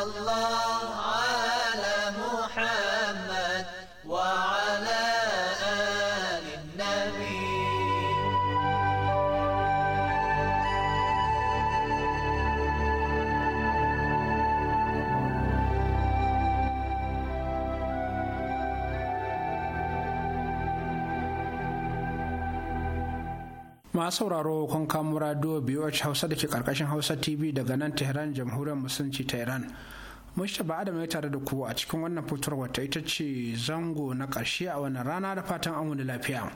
Allah. masu sauraro kun kamo radio biyu hausa da ke karkashin hausa tv daga nan tehran jamhuriyar musulunci ta iran ba Adam ya tare da ku a cikin wannan fitarwar ta ita ce zango na ƙarshe a wannan rana da fatan an wani lafiya.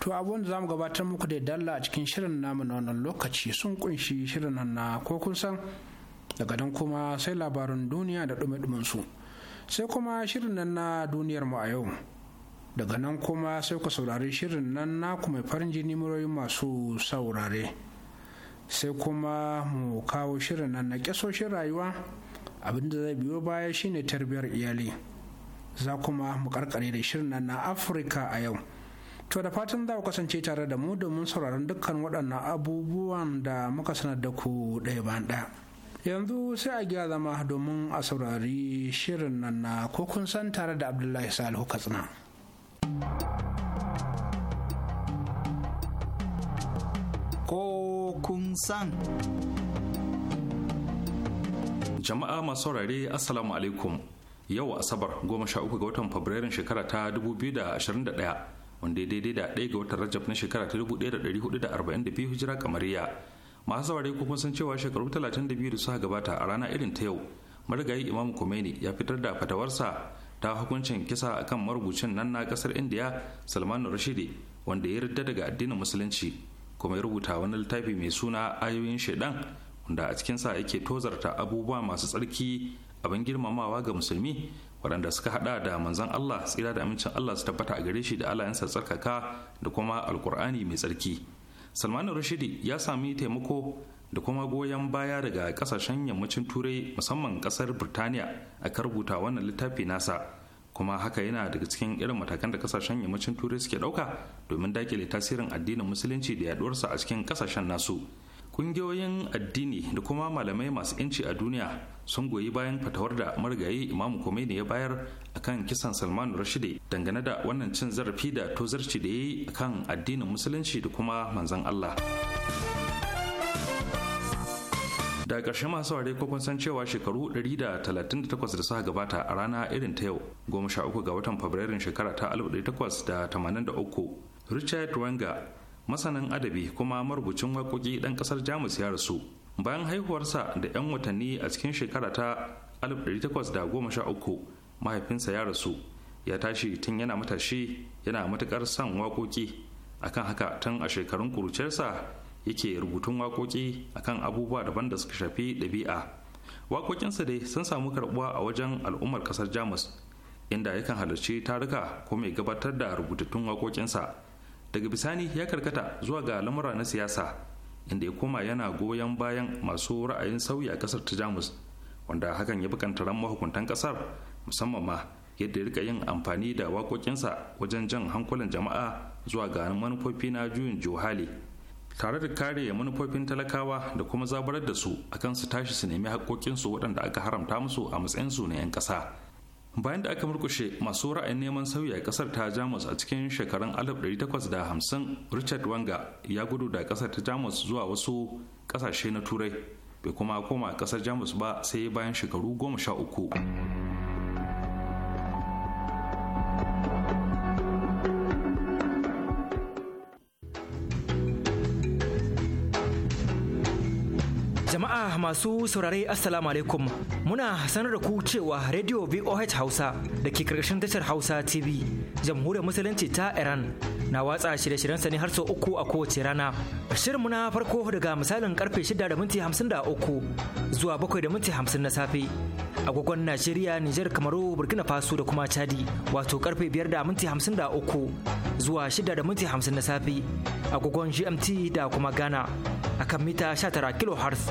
To abubuwan da za mu gabatar muku da dalla a cikin shirin namu na wannan lokaci sun kunshi shirin nan na ko kun san daga don kuma sai labarin duniya da ɗume su sai kuma shirin nan na duniyar mu a yau daga nan kuma sai ku saurari shirin nan naku mai farin jini murayu masu saurare sai kuma mu kawo shirin nan na kyasoshin rayuwa abinda zai biyo baya shine tarbiyar iyali za kuma mu karkare da shirin nan na afirka a yau to da fatan za ku kasance tare da mu domin sauraron dukkan waɗannan abubuwan da muka sanar da ku ɗaya bayan ɗaya yanzu sai a gya zama domin a saurari shirin nan na kokun san tare da abdullahi salihu katsina. Ko kun san. Jama'a masu saurare Assalamu alaikum. Yau Asabar goma sha uku ga watan Fabrairun shekara ta dubu biyu da da ashirin ɗaya, wanda daidai da ɗaya ga watan Rajab na shekara ta dubu ɗaya da da da ɗari arba'in biyu hijira kamariya. Masu saurare kun san cewa shekaru biyu da suka gabata a rana irin ta yau. Marigayi Imam Khomeini ya fitar da fatawarsa ta hukuncin kisa akan marubucin nan na kasar indiya salman rashidi wanda ya yarda daga addinin musulunci kuma ya rubuta wani littafi mai suna ayoyin shaidan wanda a cikinsa yake tozarta abubuwa masu tsarki abin girmamawa ga musulmi waɗanda suka hada da manzon Allah tsira da amincin Allah su tabbata a gare shi da alayensa tsarkaka da kuma alkur'ani mai tsarki salman Rashidi ya sami taimako da kuma goyon baya daga kasashen yammacin turai musamman kasar birtaniya aka rubuta wannan littafi nasa kuma haka yana daga cikin irin matakan da kasashen yammacin turai suke dauka domin dakile tasirin addinin musulunci da yaduwarsa a cikin kasashen nasu kungiyoyin addini da kuma malamai masu yanci a duniya sun goyi bayan fatawar da marigayi imamu Khomeini ya bayar akan kisan salman rashidi dangane da wannan cin zarafi da tozarci da ya yi akan addinin musulunci da kuma manzan allah da ƙarshe masu ware ko san cewa shekaru 138 da suka gabata a rana irin ta yau 13 ga watan fabrairun shekara ta 1883 richard wenger masanin adabi kuma marubucin wakoki ɗan ƙasar jamus ya rasu bayan haihuwarsa da 'yan watanni a cikin shekara ta 1813 mahaifinsa ya rasu ya tashi tun yana matashi yana matuƙar son waƙoƙi akan haka tun a shekarun ƙuruciyarsa yake rubutun waƙoƙi kan abubuwa daban da suka shafi ɗabi'a waƙoƙinsa dai sun samu karɓuwa a wajen al'ummar ƙasar jamus inda yakan halarci taruka ko mai gabatar da rubutattun waƙoƙinsa daga bisani ya karkata zuwa ga lamura na siyasa inda ya koma yana goyon bayan masu ra'ayin sauyi a ƙasar ta jamus wanda hakan ya bukanta ran mahukuntan ƙasar musamman ma yadda ya rika yin amfani da waƙoƙinsa wajen jan hankulan jama'a zuwa ga manufofi na juyin johali tare da kare manufofin talakawa da kuma zabarar da su akan su tashi su nemi haƙoƙinsu waɗanda aka haramta musu a matsayinsu na 'yan ƙasa bayan da aka murkushe masu ra'ayin neman sauyi a ƙasar ta jamus a cikin shekarun 1850 richard wanga ya gudu da ƙasar ta jamus zuwa wasu ƙasashe na turai bai kuma koma ƙasar jamus ba sai bayan shekaru goma sha uku Masu saurare Assalamu alaikum muna sanar da ku cewa Radio VOH Hausa da ke karkashin tashar Hausa TV jamhuriyar musulunci ta Iran na watsa shirye-shiryen sani har sau uku a kowace rana. Shirinmu na farko daga misalin karfe shida da minti zuwa bakwai na safe. Agogon Najeriya, niger Kamaru, Burkina Faso da kuma Chadi wato karfe biyar da zuwa shida na safe. Agogon GMT da kuma Ghana akan mita sha tara kHz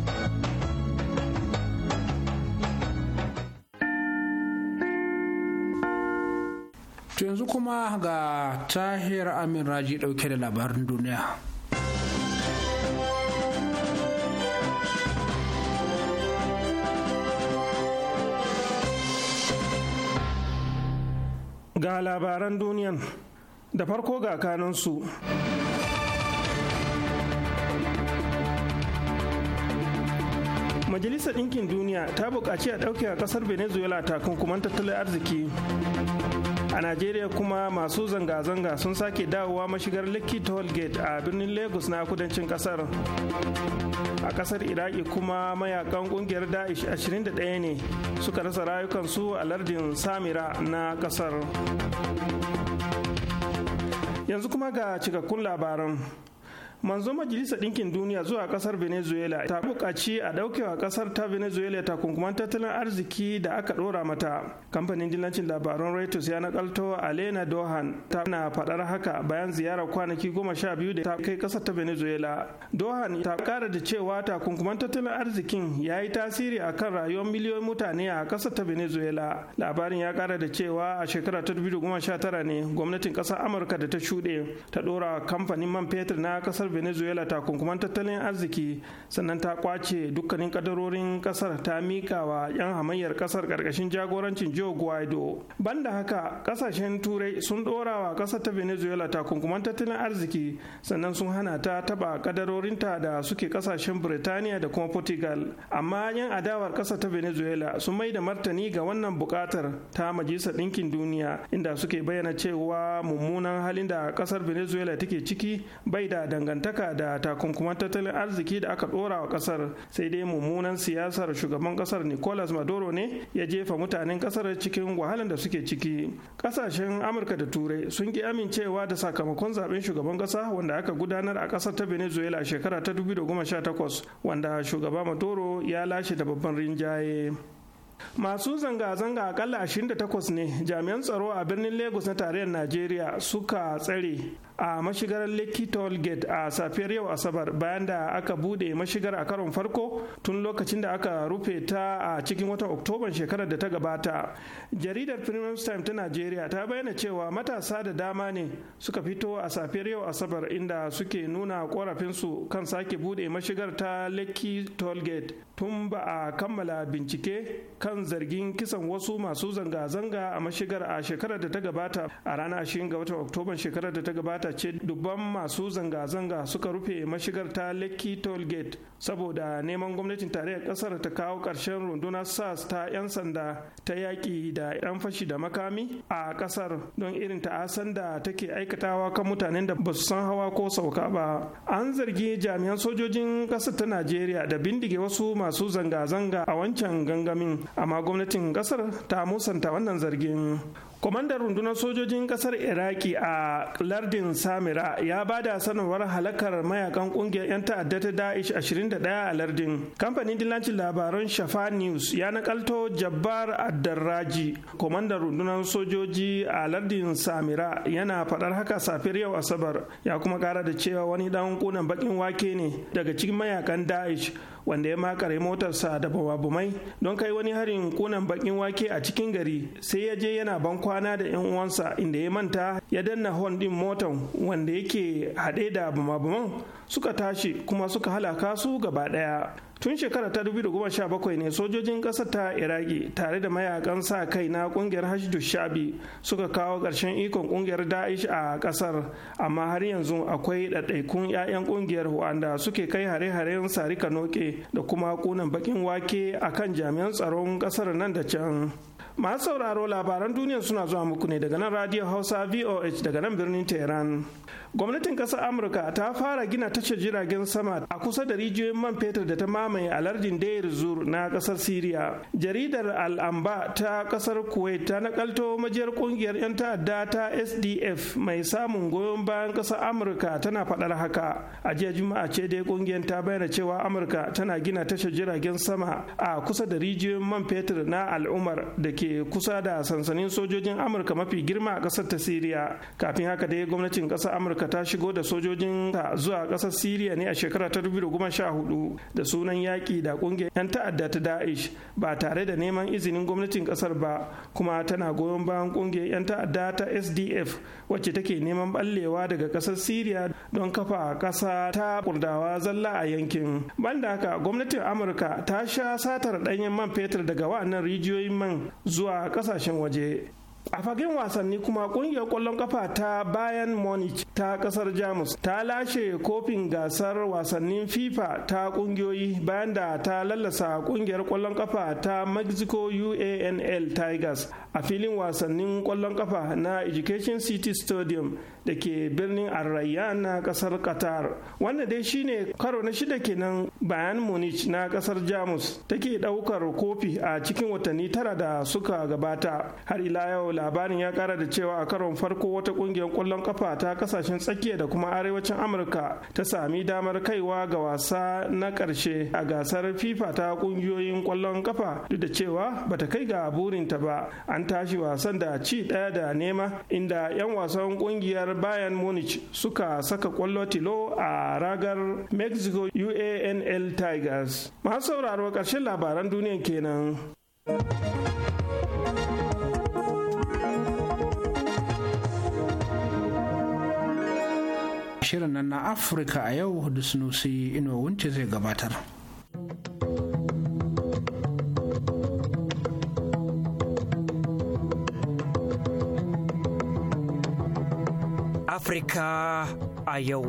To yanzu kuma ga Tahir Amin Raji dauke da labarin duniya. Ga labaran duniyan da farko ga kanansu. Majalisar Ɗinkin Duniya ta buƙaci a ɗauke a ƙasar Venezuela takunkuman tattalin arziki. a najeriya kuma masu zanga-zanga sun sake dawowa mashigar lekki gate a birnin lagos na kudancin kasar a kasar iraki kuma mayakan kungiyar daesh 21 ne suka rasa rayukansu a lardin samira na kasar yanzu kuma ga cikakkun labaran manzo majalisar ɗinkin duniya zuwa ƙasar venezuela ta buƙaci a ɗaukewa ƙasar ta venezuela ta kunkuman tattalin arziki da aka ɗora mata kamfanin dillancin labaran reuters ya nakalto alena dohan ta na faɗar haka bayan ziyarar kwanaki goma sha biyu da ta kai ƙasar ta venezuela dohan ta ƙara da cewa takunkuman tattalin arzikin ya yi tasiri a kan rayuwar miliyoyin mutane a ƙasar ta venezuela labarin ya ƙara da cewa a shekara ta 2019 ne gwamnatin ƙasar amurka da ta shuɗe ta ɗora kamfanin man fetur na ƙasar venezuela kunkuman tattalin arziki sannan ta kwace dukkanin kadarorin kasar ta mika wa 'yan hamayyar kasar karkashin jagorancin joe guaido banda haka kasashen turai sun dora wa kasar ta venezuela ta takunkuman tattalin arziki sannan sun hana ta taba kadarorinta da suke kasashen birtaniya da kuma portugal amma 'yan adawar kasar ta venezuela sun mai da martani ga wannan bukatar ta majalisar ɗinkin duniya inda suke bayyana cewa mummunan halin da kasar venezuela take ciki bai da dangantaka dangantaka da takunkuman tattalin arziki da aka dora wa kasar sai dai mummunan siyasar shugaban kasar nicolas maduro ne ya jefa mutanen kasar cikin wahalan da suke ciki kasashen amurka da turai sun ki amincewa da sakamakon zaben shugaban kasa wanda aka gudanar a kasar ta venezuela a shekara ta 2018 wanda shugaba maduro ya lashe da babban rinjaye masu zanga-zanga akalla 28 ne jami'an tsaro a birnin lagos na tarayyar najeriya suka tsare a mashigar lekki toll a safiyar yau asabar bayan da aka bude mashigar a karon farko tun lokacin da aka rufe ta a cikin watan oktoban shekarar da ta gabata jaridar premium time ta najeriya ta bayyana cewa matasa da dama ne suka fito a safiyar yau asabar inda suke nuna korafinsu kan sake bude mashigar ta lekki toll tun ba a kammala bincike kan zargin kisan wasu masu zanga-zanga a mashigar a shekarar da ta gabata a ranar 20 ga watan oktoban shekarar da ta gabata ce dubban masu zanga-zanga suka rufe mashigar ta lekki toll gate saboda neman gwamnatin tarayyar kasar ta kawo ƙarshen rundunar sas ta 'yan sanda ta yaƙi da 'yan fashi da makami a ƙasar don irin ta'asan da take aikatawa kan mutanen da ba su san hawa ko sauka ba an zargi jami'an sojojin ƙasar ta najeriya da bindige wasu masu zanga-zanga a wancan gangamin amma gwamnatin ƙasar ta musanta wannan zargin kwamandan rundunar sojojin kasar iraki a lardin samira ya ba da sanarwar halakar mayakan kungiyar 'yan ta'adda ta da'ish 21 a lardin kamfanin dillancin labaran shafa news ya nakalto jabbar Adarraji, kwamandan rundunar sojoji a lardin samira yana faɗar haka safiyar yau asabar ya kuma ƙara da cewa wani ɗan kunan bakin wake ne daga cikin mayakan da'ish wanda ya makare motarsa da bawabumai don kai wani harin kunan bakin wake a cikin gari sai ya je yana ban kwana da yan uwansa inda ya manta ya danna hon din motan wanda yake haɗe da bumabuman suka tashi kuma suka halaka su gaba ɗaya tun shekara ta 2017 ne sojojin ƙasar ta iraki tare da mayakan sa kai na ƙungiyar hashdu shabi suka kawo ƙarshen ikon ƙungiyar da'ish a ƙasar amma har yanzu akwai ɗaiɗaikun 'ya'yan ƙungiyar wanda suke kai hare-haren sarika noke da kuma ƙunan baƙin wake akan jami'an tsaron ƙasar nan da can masu sauraro labaran duniya suna zuwa muku ne daga nan radio hausa voh daga nan birnin tehran gwamnatin ƙasar amurka ta fara gina tashar jiragen sama a kusa da rijiyoyin man fetur da ta mamaye a lardin deir zur na kasar syria jaridar al'amba ta kasar kuwait ta nakalto majiyar ƙungiyar 'yan ta'adda ta sdf mai samun goyon bayan ƙasar amurka tana faɗar haka a jiya juma'a ce dai ƙungiyar ta bayyana cewa amurka tana gina tashar jiragen sama a kusa da rijiyoyin man fetur na al'umar da ke kusa da sansanin sojojin amurka mafi girma a kasar ta siriya kafin haka dai gwamnatin kasar amurka ta shigo da sojojin ta zuwa kasar siriya ne a shekara ta 2014 da sunan yaƙi da ƙungiyar 'yan ta'adda ta da'ish ba tare da neman izinin gwamnatin kasar ba kuma tana goyon bayan ƙungiyar 'yan ta'adda ta sdf wacce take neman ballewa daga kasar siriya don kafa ƙasa ta kurdawa zalla a yankin banda haka gwamnatin amurka ta sha satar ɗanyen man fetur daga wa'annan rijiyoyin man zuwa kasashen waje a fagen wasanni kuma kungiyar kwallon kafa ta bayan munich ta kasar jamus ta lashe kofin gasar wasannin fifa ta kungiyoyi bayan da ta lallasa kungiyar kwallon kafa ta mexico uanl tigers a filin wasannin kwallon kafa na education city stadium da ke birnin arrayyan na kasar qatar wannan dai shine karo na shida kenan bayan munich na kasar jamus take daukar kofi a cikin watanni tara da suka gabata har ila yau labarin ya kara da cewa a karon farko wata kungiyar kwallon kafa ta kasa kasashen tsakiya da kuma arewacin amurka ta sami damar kaiwa ga wasa na karshe a gasar fifa ta kungiyoyin kwallon kafa duk da cewa bata kai ga burinta ba an tashi wasan da ci daya da nema inda 'yan wasan kungiyar bayan munich suka saka kwallo tilo a ragar mexico uanl tigers masu sauraro ƙarshen labaran duniya kenan. shirin nan na afirka a yau da sunusi ino wunce zai gabatar afirka a yau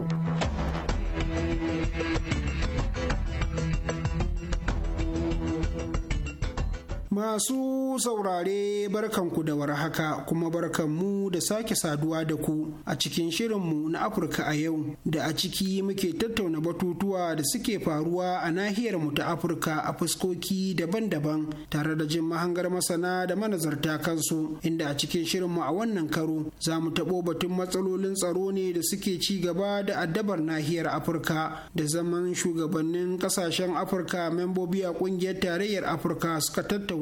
Masu saurare barkanku da warhaka kuma barkanmu da sake saduwa da ku a cikin shirinmu na Afirka a yau da a ciki muke tattauna batutuwa da suke faruwa a nahiyar mu ta Afirka a fuskoki daban-daban tare da jin mahangar masana da manazarta kansu inda a cikin shirinmu a wannan karo za mu taɓo batun matsalolin tsaro ne da suke ci gaba da addabar nahiyar Afirka da zaman shugabannin ƙasashen Afirka membobi a ƙungiyar tarayyar Afirka suka tattauna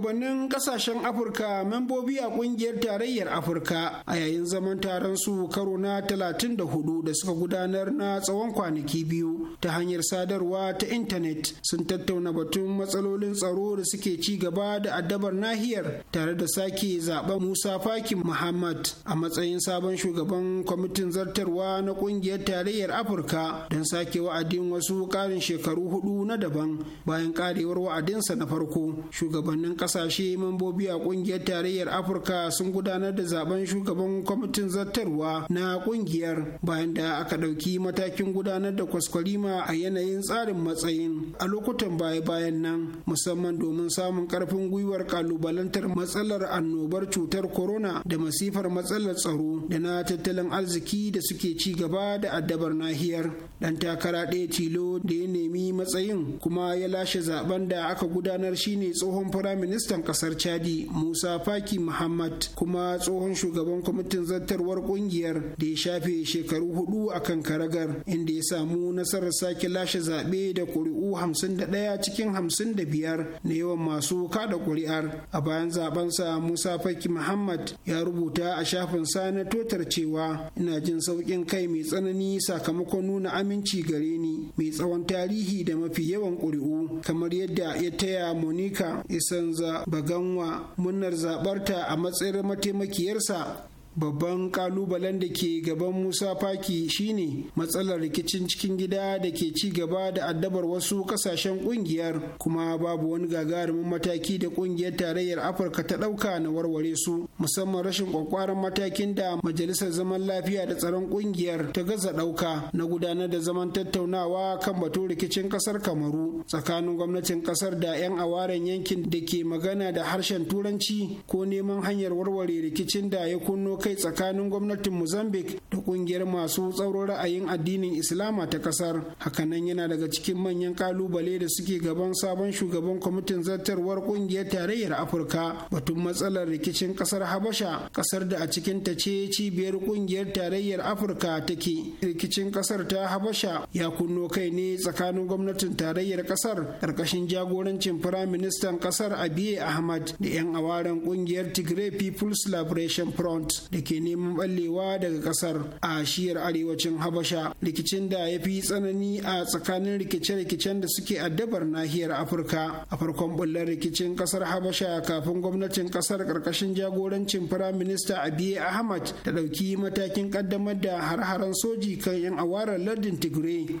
shugabannin kasashen afirka membobi a kungiyar tarayyar afirka a yayin zaman taron su karo na 34 da suka gudanar na tsawon kwanaki biyu ta hanyar sadarwa ta intanet sun tattauna batun matsalolin tsaro da suke ci gaba da addabar nahiyar tare da sake zaben musa faki muhammad a matsayin sabon shugaban kwamitin zartarwa na kungiyar tarayyar afirka don sake wa'adin wasu karin shekaru hudu na daban bayan karewar wa'adinsa na farko shugabannin kasashe Mambobi a kungiyar tarayyar afirka sun gudanar da zaben shugaban kwamitin zartarwa na kungiyar bayan da aka ɗauki matakin gudanar da kwaskwarima a yanayin tsarin matsayin a lokutan baya-bayan nan musamman domin samun karfin gwiwar kalubalantar matsalar annobar cutar corona da masifar matsalar tsaro da na tattalin arziki da suke ci gaba da addabar nahiyar dan takara ɗaya tilo da ya nemi matsayin kuma ya lashe zaben da aka gudanar shine tsohon firaminista ministan kasar chadi musa faki muhammad kuma tsohon shugaban kwamitin zartarwar kungiyar da ya shafe shekaru hudu a kan karagar inda ya samu nasarar sake lashe zaɓe da ƙuri'u hamsin da ɗaya cikin hamsin da biyar na yawan masu kada ƙuri'ar a bayan zabensa musa faki muhammad ya rubuta a shafin sa na totar cewa ina jin sauƙin kai mai tsanani sakamakon nuna aminci gare ni mai tsawon tarihi da mafi yawan ƙuri'u kamar yadda ya taya monica isanza baganwa munnar zabarta a matsayin mataimakiyarsa babban kalubalen da ke gaban musa faki shine matsalar rikicin cikin gida da ke ci gaba da addabar wasu kasashen kungiyar kuma babu wani gagarumin mataki da kungiyar tarayyar afirka ta dauka na warware su musamman rashin kwakwaran matakin da majalisar zaman lafiya da tsaron kungiyar ta gaza dauka na gudanar da zaman tattaunawa kan batun rikicin kasar kamaru tsakanin gwamnatin kasar da 'yan awaren yankin da ke magana da harshen turanci ko neman hanyar warware rikicin da ya kunno kai tsakanin gwamnatin Mozambique da kungiyar masu tsauro ra'ayin addinin Islama ta kasar. Hakanan yana daga cikin manyan kalubale da suke gaban sabon shugaban kwamitin zartarwar kungiyar tarayyar Afirka batun matsalar rikicin kasar Habasha, kasar da a cikin ta ce cibiyar kungiyar tarayyar Afirka take. Rikicin kasar ta Habasha ya kunno kai ne tsakanin gwamnatin tarayyar kasar karkashin jagorancin firaministan kasar Abiy Ahmad da 'yan awaren kungiyar Tigray People's Liberation Front da ke neman ɓallewa daga ƙasar a shiyar arewacin habasha rikicin da ya fi tsanani a tsakanin rikice-rikicen da suke addabar nahiyar afirka a farkon bullar rikicin ƙasar habasha kafin gwamnatin ƙasar ƙarƙashin jagorancin firaminista abiy ahmad ta ɗauki matakin ƙaddamar da har-haren soji kan 'yan awarar lardin tigray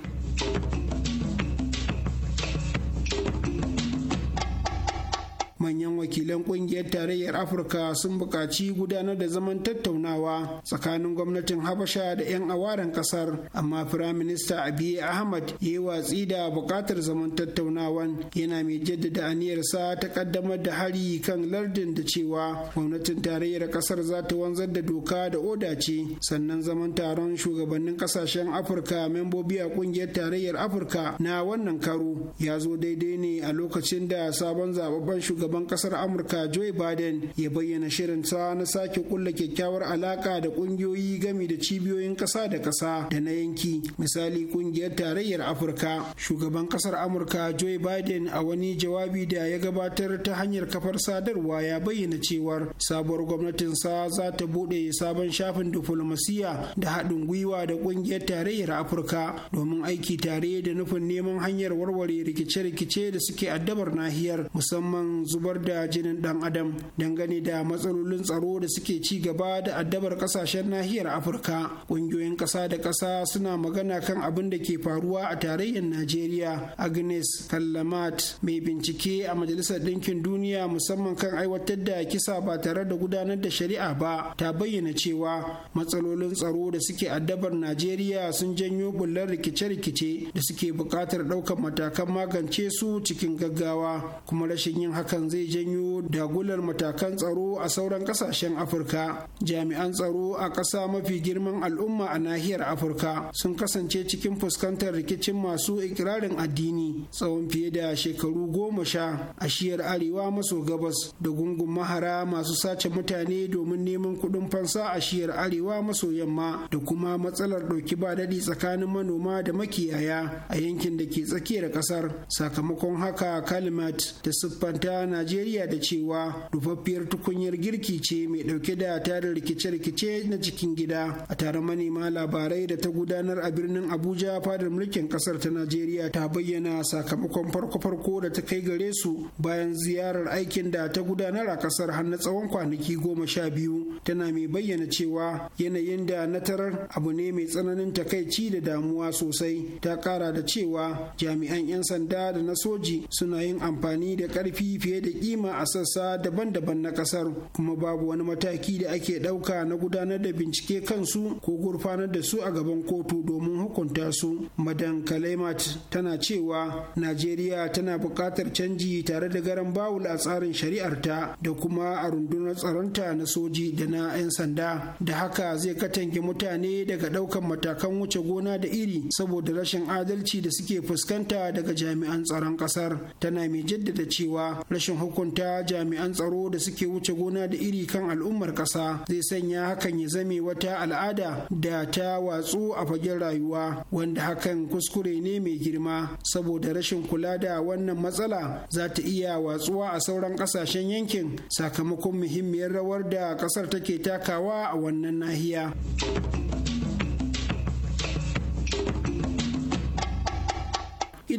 manyan wakilan kungiyar tarayyar afirka sun buƙaci gudanar da zaman tattaunawa tsakanin gwamnatin habasha da 'yan awaren kasar amma firaminista abiy ahmad ya yi watsi da buƙatar zaman tattaunawan yana mai jaddada aniyarsa ta ƙaddamar da hari kan lardin da cewa gwamnatin tarayyar kasar za ta wanzar da doka da oda ce sannan zaman taron shugabannin ƙasashen afirka membobi a ƙungiyar tarayyar afirka na wannan karo ya zo daidai ne a lokacin da sabon zababben shugaban shugaban kasar amurka joe biden ya bayyana shirin sa na sake kulla kyakkyawar alaka da kungiyoyi gami da cibiyoyin kasa da kasa da na yanki misali kungiyar tarayyar afirka shugaban kasar amurka joe biden a wani jawabi da ya gabatar ta hanyar kafar sadarwa ya bayyana cewar sabuwar gwamnatin sa za ta buɗe sabon shafin diflomasiya da haɗin gwiwa da kungiyar tarayyar afirka domin aiki tare da nufin neman hanyar warware rikice-rikice da suke addabar nahiyar musamman zubar da jinin dan adam dangane da matsalolin tsaro da suke ci gaba da addabar kasashen nahiyar afirka ƙungiyoyin ƙasa da ƙasa suna magana kan abin da ke faruwa a tarayyar najeriya agnes kallamat mai bincike a majalisar ɗinkin duniya musamman kan aiwatar da kisa ba tare da gudanar da shari'a ba ta bayyana cewa matsalolin tsaro da suke addabar najeriya sun janyo bullar rikice-rikice da suke buƙatar ɗaukar matakan magance su cikin gaggawa kuma rashin yin hakan zai janyo dagular matakan tsaro a sauran kasashen afirka jami'an tsaro a ƙasa mafi girman al'umma a nahiyar afirka sun kasance cikin fuskantar rikicin masu ikirarin addini tsawon fiye da shekaru goma sha a shiyar arewa maso gabas da gungun mahara masu sace mutane domin neman kuɗin fansa a shiyar arewa maso yamma da kuma matsalar ɗauki ba daɗi tsakanin manoma da makiyaya a yankin da ke tsakiyar ƙasar sakamakon haka kalimat da siffanta na najeriya da cewa rufaffiyar tukunyar girki ce mai dauke da tarin rikice-rikice na cikin gida a tare manema labarai da ta gudanar a birnin abuja fadar mulkin kasar ta najeriya ta bayyana sakamakon farko-farko da ta kai gare su bayan ziyarar aikin da ta gudanar a kasar har na tsawon kwanaki goma sha biyu tana mai bayyana cewa yanayin da na tarar abu ne mai tsananin takaici da damuwa sosai ta kara da cewa jami'an 'yan sanda da na soji suna yin amfani da karfi fiye da da kima a sassa daban-daban na kasar kuma babu wani mataki da ake ɗauka na gudanar da bincike kansu ko gurfanar da su a gaban kotu domin hukunta su madan kalemat tana cewa najeriya tana buƙatar canji tare da garan bawul a tsarin shari'arta da kuma a rundunar tsaronta na soji da na 'yan sanda da haka zai katange mutane daga ɗaukan matakan wuce gona da iri saboda rashin adalci da suke fuskanta daga jami'an tsaron ƙasar tana mai jaddada cewa rashin hukunta jami'an tsaro da suke wuce gona da iri kan al'ummar ƙasa zai sanya hakan ya zame wata al'ada da ta watsu a fagen rayuwa wanda hakan kuskure ne mai girma saboda rashin kula da wannan matsala za ta iya watsuwa a sauran ƙasashen yankin sakamakon muhimmiyar rawar da ƙasar take takawa a wannan nahiya.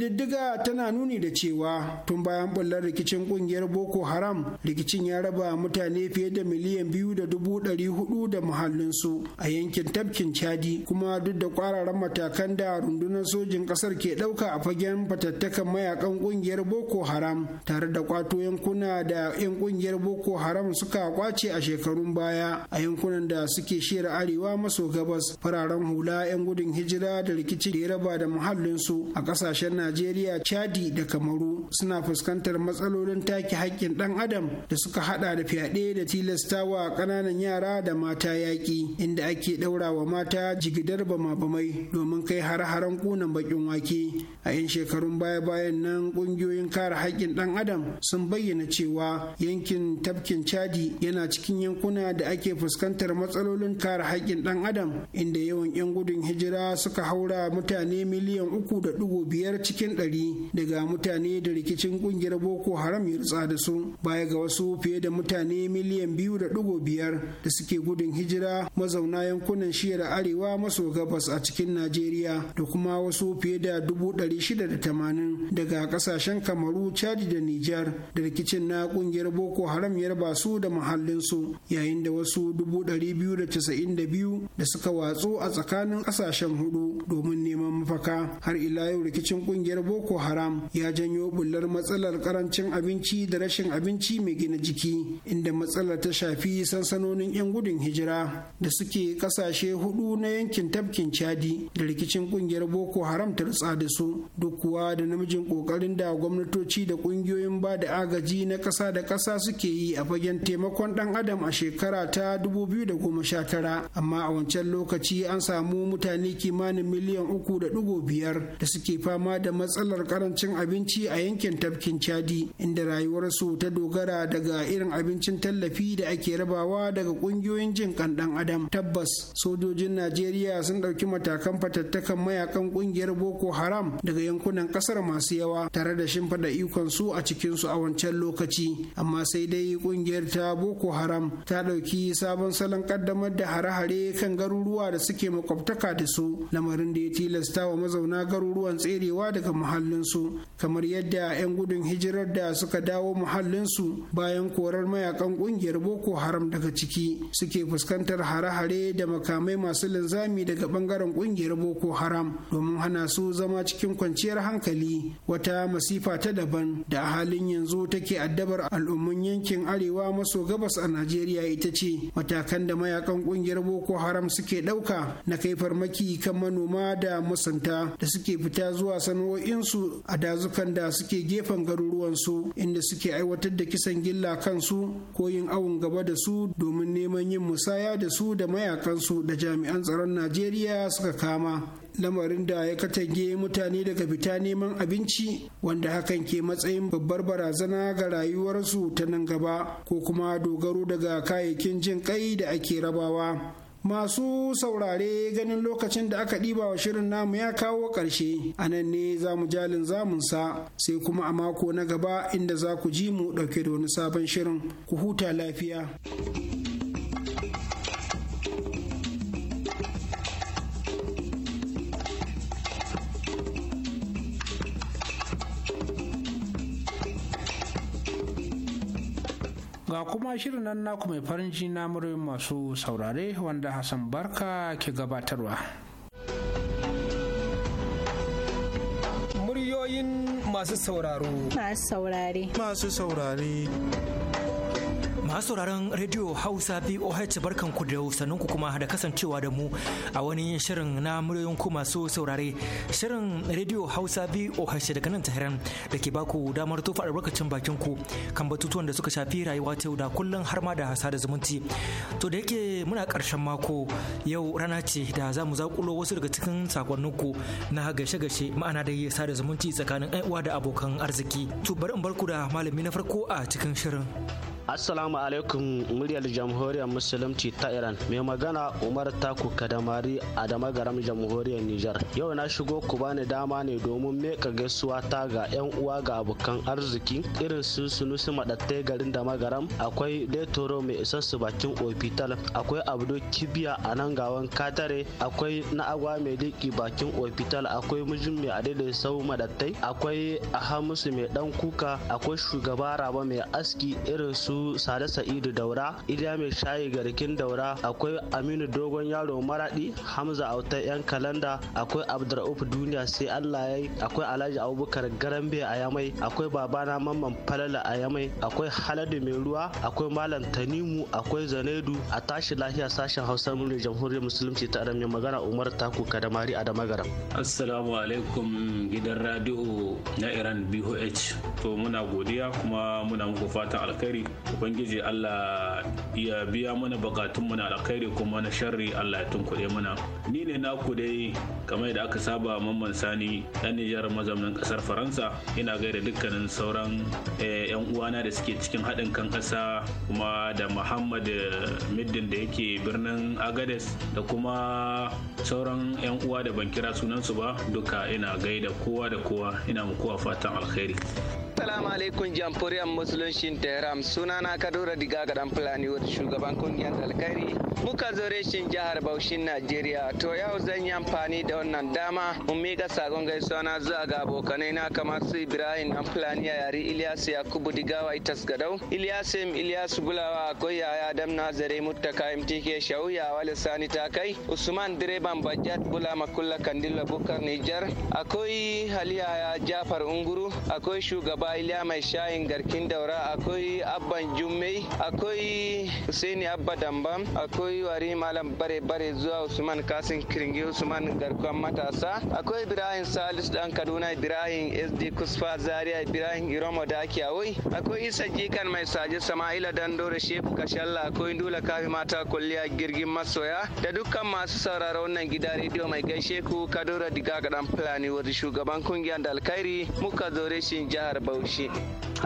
kididdiga tana nuni da cewa tun bayan bullar rikicin ƙungiyar boko haram rikicin ya raba mutane fiye da miliyan biyu da dubu ɗari hudu da muhallinsu a yankin tafkin chadi kuma duk da kwararan matakan da rundunar sojin ƙasar ke ɗauka a fagen fatattakan mayakan ƙungiyar boko haram tare da kwato yankuna da 'yan ƙungiyar boko haram suka kwace a shekarun baya a yankunan da suke shira arewa maso gabas fararen hula 'yan gudun hijira da rikicin da ya raba da muhallinsu a ƙasashen najeriya chadi da kamaru suna fuskantar matsalolin take haƙƙin ɗan adam da suka haɗa da fyaɗe da tilastawa ƙananan yara da mata yaƙi inda ake ɗaura wa mata jigidar bama-bamai domin kai har-haren ƙunan baƙin wake a 'yan shekarun baya-bayan nan ƙungiyoyin kare haƙƙin ɗan adam sun bayyana cewa yankin tafkin chadi yana cikin yankuna da ake fuskantar matsalolin kare haƙƙin ɗan adam inda yawan 'yan gudun hijira suka haura mutane miliyan uku da dubu biyar cikin cikin ɗari daga mutane da rikicin ƙungiyar Boko Haram ya rutsa da su baya ga wasu fiye da mutane miliyan biyu da ɗigo biyar da suke gudun hijira mazauna yankunan shiyar arewa maso gabas a cikin Najeriya da kuma wasu fiye da dubu ɗari shida da tamanin daga ƙasashen Kamaru, Chadi da Nijar da rikicin na ƙungiyar Boko Haram ya raba su da mahallinsu yayin da wasu dubu ɗari biyu da casa'in da biyu da suka watsu a tsakanin ƙasashen hudu domin neman mafaka har ila yau rikicin ƙungiyar kungiyar boko haram ya janyo bullar matsalar karancin abinci da rashin abinci mai gina jiki inda matsalar ta shafi sansanonin 'yan gudun hijira da suke kasashe hudu na yankin tafkin chadi da rikicin ƙungiyar boko haram ta rutsa da su duk kuwa da namijin kokarin da gwamnatoci da ƙungiyoyin ba da agaji na kasa da kasa suke yi a fagen taimakon dan adam a shekara ta 2019 amma a wancan lokaci an samu mutane kimanin miliyan uku da dugo biyar da suke fama da da matsalar karancin abinci a yankin tafkin chadi inda rayuwarsu ta dogara daga irin abincin tallafi da ake rabawa daga kungiyoyin jin kan dan adam tabbas sojojin najeriya sun ɗauki matakan fatattakan mayakan kungiyar boko haram daga yankunan kasar masu yawa tare da shimfiɗa ikon su a cikin su a wancan lokaci amma sai dai kungiyar ta boko haram ta ɗauki sabon salon kaddamar da hare-hare kan garuruwa da suke makwabtaka da su lamarin da ya tilasta wa mazauna garuruwan tserewa da daga muhallinsu kamar yadda 'yan gudun hijirar da suka dawo muhallinsu bayan korar mayakan kungiyar boko haram daga ciki suke fuskantar hare-hare da makamai masu linzami daga bangaren kungiyar boko haram domin hana su zama cikin kwanciyar hankali wata masifa ta daban da a halin yanzu take addabar al'ummun yankin arewa maso gabas a najeriya ita ce matakan da mayakan kungiyar boko haram suke ɗauka na kai farmaki kan manoma da musanta da suke fita zuwa sanarwa sana'o'insu a dazukan da suke gefen garuruwansu inda suke aiwatar da kisan gilla kansu ko yin awon gaba da su domin neman yin musaya da su da mayakansu da jami'an tsaron najeriya suka kama lamarin da ya katange mutane daga fita neman abinci wanda hakan ke matsayin babbar barazana ga rayuwarsu ta nan gaba ko kuma dogaro daga kayayyakin jin kai da ake rabawa Masu saurare ganin lokacin da aka ɗiba wa shirin namu ya kawo ƙarshe, a nan ne za mu jalin zamunsa sai kuma a mako na gaba inda za ku ji mu ɗauke da wani sabon shirin ku huta lafiya. kuma shirin nan naku mai farin ji na masu saurare wanda hassan barka ke gabatarwa muryoyin masu sauraro masu saurare masu saurare Masu sauraron Radio Hausa BOH barkanku da ku kuma da kasancewa da mu a wani shirin na muryoyin ku masu saurare. Shirin Radio Hausa BOH daga nan Tahiran da ke baku damar tofa albarkacin bakin ku kan batutuwan da suka shafi rayuwa ta yau da kullum har ma da hasa zumunci. To da yake muna karshen mako yau rana ce da za mu zakulo wasu daga cikin sakonnin ku na gashe-gashe ma'ana da yasa da zumunci tsakanin uwa da abokan arziki. To bari in barku da malami na farko a cikin shirin. Assalamu alaikum muryar jamhuriyar musulunci ta Iran mai magana Umar Taku Kadamari a garam jamhuriyar Nijar. Yau na shigo ku bani dama ne domin meka gaisuwa ta ga 'yan uwa ga abokan arziki irin su sunusu maɗattai garin Dama Garam? akwai Letoro mai isassu bakin ofital akwai Abdo Kibiya a nan gawan Katare akwai na agwa mai liki bakin ofital akwai Mujin mai adadin sau maɗattai akwai Ahamusu mai dan kuka akwai shugaba Raba mai aski irin su su sada sa'idu daura iliya mai shayi garkin daura akwai aminu dogon yaro maradi hamza auta yan kalanda akwai abdurrauf duniya sai allah ya akwai alhaji abubakar garambe a yamai akwai babana mamman falala a yamai akwai haladu mai ruwa akwai malam tanimu akwai zanaidu a tashi lafiya sashen hausa mulkin jamhuriyar musulunci ta adam magana umar taku kadamari a damagaram assalamu alaikum gidan radio na iran boh to muna godiya kuma muna muku fatan alkhairi ubangiji allah ya biya mana bukatunmu na alkhairi kuma na sharri allah ya tunkuɗe mana ni ne naku dai kamar da aka saba mamman sani ɗan nijar mazaunin ƙasar faransa ina gaida dukkanin sauran yan eh, uwana da suke cikin haɗin kan ƙasa kuma da muhammad eh, middin da yake birnin agades da kuma sauran yan uwa da ban kira sunansu ba duka ina gaida kowa da kowa ina muku fatan alkhairi Assalamu alaikum jamhuriyar musuluncin Tehran sunana Kadura Diga Gadan Fulani wata shugaban kungiyar alkhairi muka zo reshin jihar Bauchin Najeriya to yau zan yi amfani da wannan dama mun mika sakon gaisuwa na zuwa ga abokanai na kamar su Ibrahim Dan Fulani yari Ilyas Yakubu Digawa Itas Gadau Ilyasim Ilyas Bulawa akwai yaya Adam Nazare Muttaka MTK Shauya Wale Sani Takai Usman Direban Bajat Bula Makulla Kandila Bukar Nijar akwai Haliya Jafar Unguru akwai shugaba Ilya mai shayin garkin daura akwai abban jummai akwai husaini abba dambam akwai wari malam bare bare zuwa usman kasin kiringi usman garkon matasa akwai ibrahim salis dan kaduna ibrahim sd kusfa zaria ibrahim iromo da ake awai akwai isa jikan mai saje sama'ila dan dore shefu kashalla akwai dula kafi mata kulliya girgin masoya da dukkan masu sauraron wannan gida rediyo mai gaishe ku kadura diga gadan fulani wani shugaban kungiyar da alkhairi muka zore shi jihar bauchi yaushe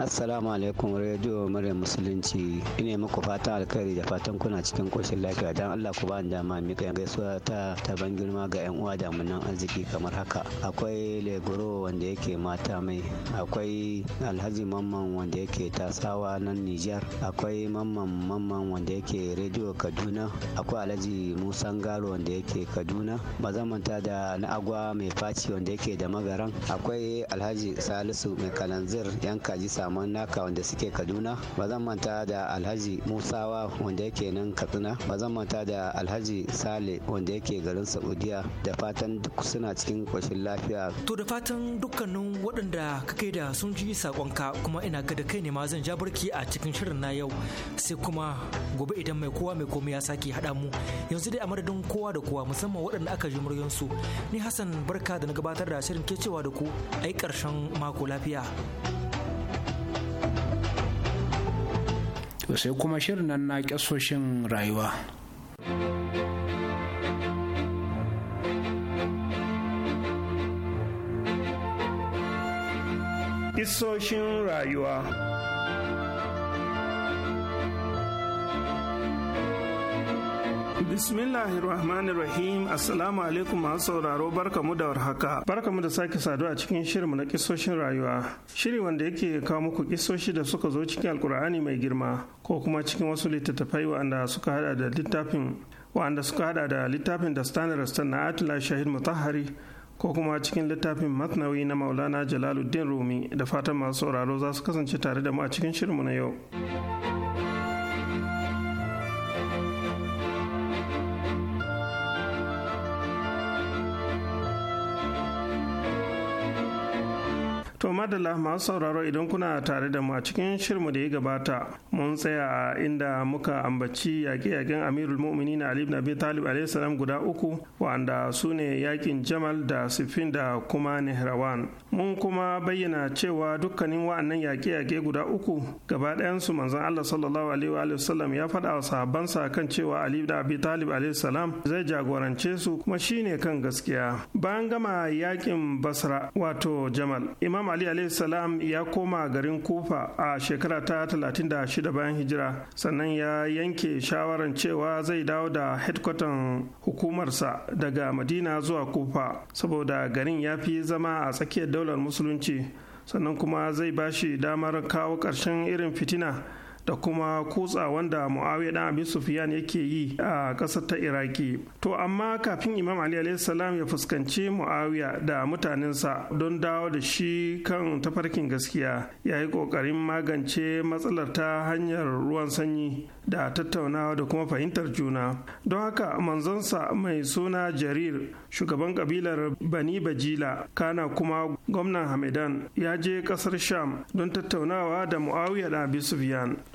assalamu alaikum radio murya musulunci ina muku fatan alkhairi da fatan kuna cikin koshin lafiya dan Allah ku ba ni dama mi kan gaisuwa ta taban girma ga yan uwa da munan arziki kamar haka akwai legoro wanda yake mata mai akwai alhaji mamman wanda yake tasawa nan Nijar akwai mamman mamman wanda yake radio Kaduna akwai alhaji Musa Ngaro wanda yake Kaduna Ba bazamanta da na agwa mai faci wanda yake da magaran akwai alhaji Salisu mai kalanzi nazir yan kaji saman naka wanda suke kaduna ba zan manta da alhaji musawa wanda yake nan katsina ba zan manta da alhaji sale wanda yake garin saudiya da fatan duk suna cikin koshin lafiya to da fatan dukkanin waɗanda kai da sun ji sakonka kuma ina ga da kai ne ma zan ja barki a cikin shirin na yau sai kuma gobe idan mai kowa mai komai ya sake hada mu yanzu dai a madadin kowa da kowa musamman waɗanda aka ji muryansu ni hassan barka da na gabatar da shirin ke cewa da ku ai ƙarshen mako lafiya to sai kuma shirin nan na kyasoshin rayuwa Isoshin rayuwa Bismillahirrahmanirrahim Assalamu alaikum masu sauraro barkamu da warhaka. Barkamu da sake saduwa a cikin shirinmu na kisoshin rayuwa. Shiri wanda yake kawo muku kisoshi da suka zo cikin Alkur'ani mai girma ko kuma cikin wasu littattafai wanda suka hada da littafin wanda suka hada da littafin da Stan na Atila Shahid Mutahari ko kuma cikin littafin Matnawi na Maulana Jalaluddin Rumi da fatan masu sauraro za su kasance tare da mu a cikin shirinmu na yau. To madalla masu sauraro idan kuna tare da mu a cikin shirmu da ya gabata mun tsaya a inda muka ambaci yaƙe-yaƙen Amirul Mu'minin Ali ibn Abi Talib salam guda uku wanda su ne yaƙin Jamal da Siffin da kuma Nehrawan. Mun kuma bayyana cewa dukkanin wa'annan yaƙe-yaƙe guda uku gaba ɗayansu manzon Allah sallallahu alaihi wa sallam ya faɗa wa sahabbansa kan cewa Ali ibn Abi Talib salam zai jagorance su kuma shine kan gaskiya. Bayan gama yaƙin Basra wato Jamal Imam imam ali salam ya koma garin kufa a shekara ta 36 bayan hijira sannan ya yanke shawarar cewa zai dawo da hedkwatan hukumarsa daga madina zuwa kufa saboda garin ya fi zama a tsakiyar daular musulunci sannan kuma zai ba shi damar kawo ƙarshen irin fitina da kuma kutsa wanda muawiya dan abin sufiyan yake yi a ƙasar ta iraki to amma kafin imam ali salam ya fuskanci muawiya da mutanensa don dawo da shi kan tafarkin gaskiya ya yi ƙoƙarin magance matsalar ta hanyar ruwan sanyi da tattaunawa da kuma fahimtar juna don haka manzonsa mai suna jarir shugaban kabilar bani bajila kana kuma gwamnan hamidan ya je ƙasar sham don tattaunawa da muawiya da abin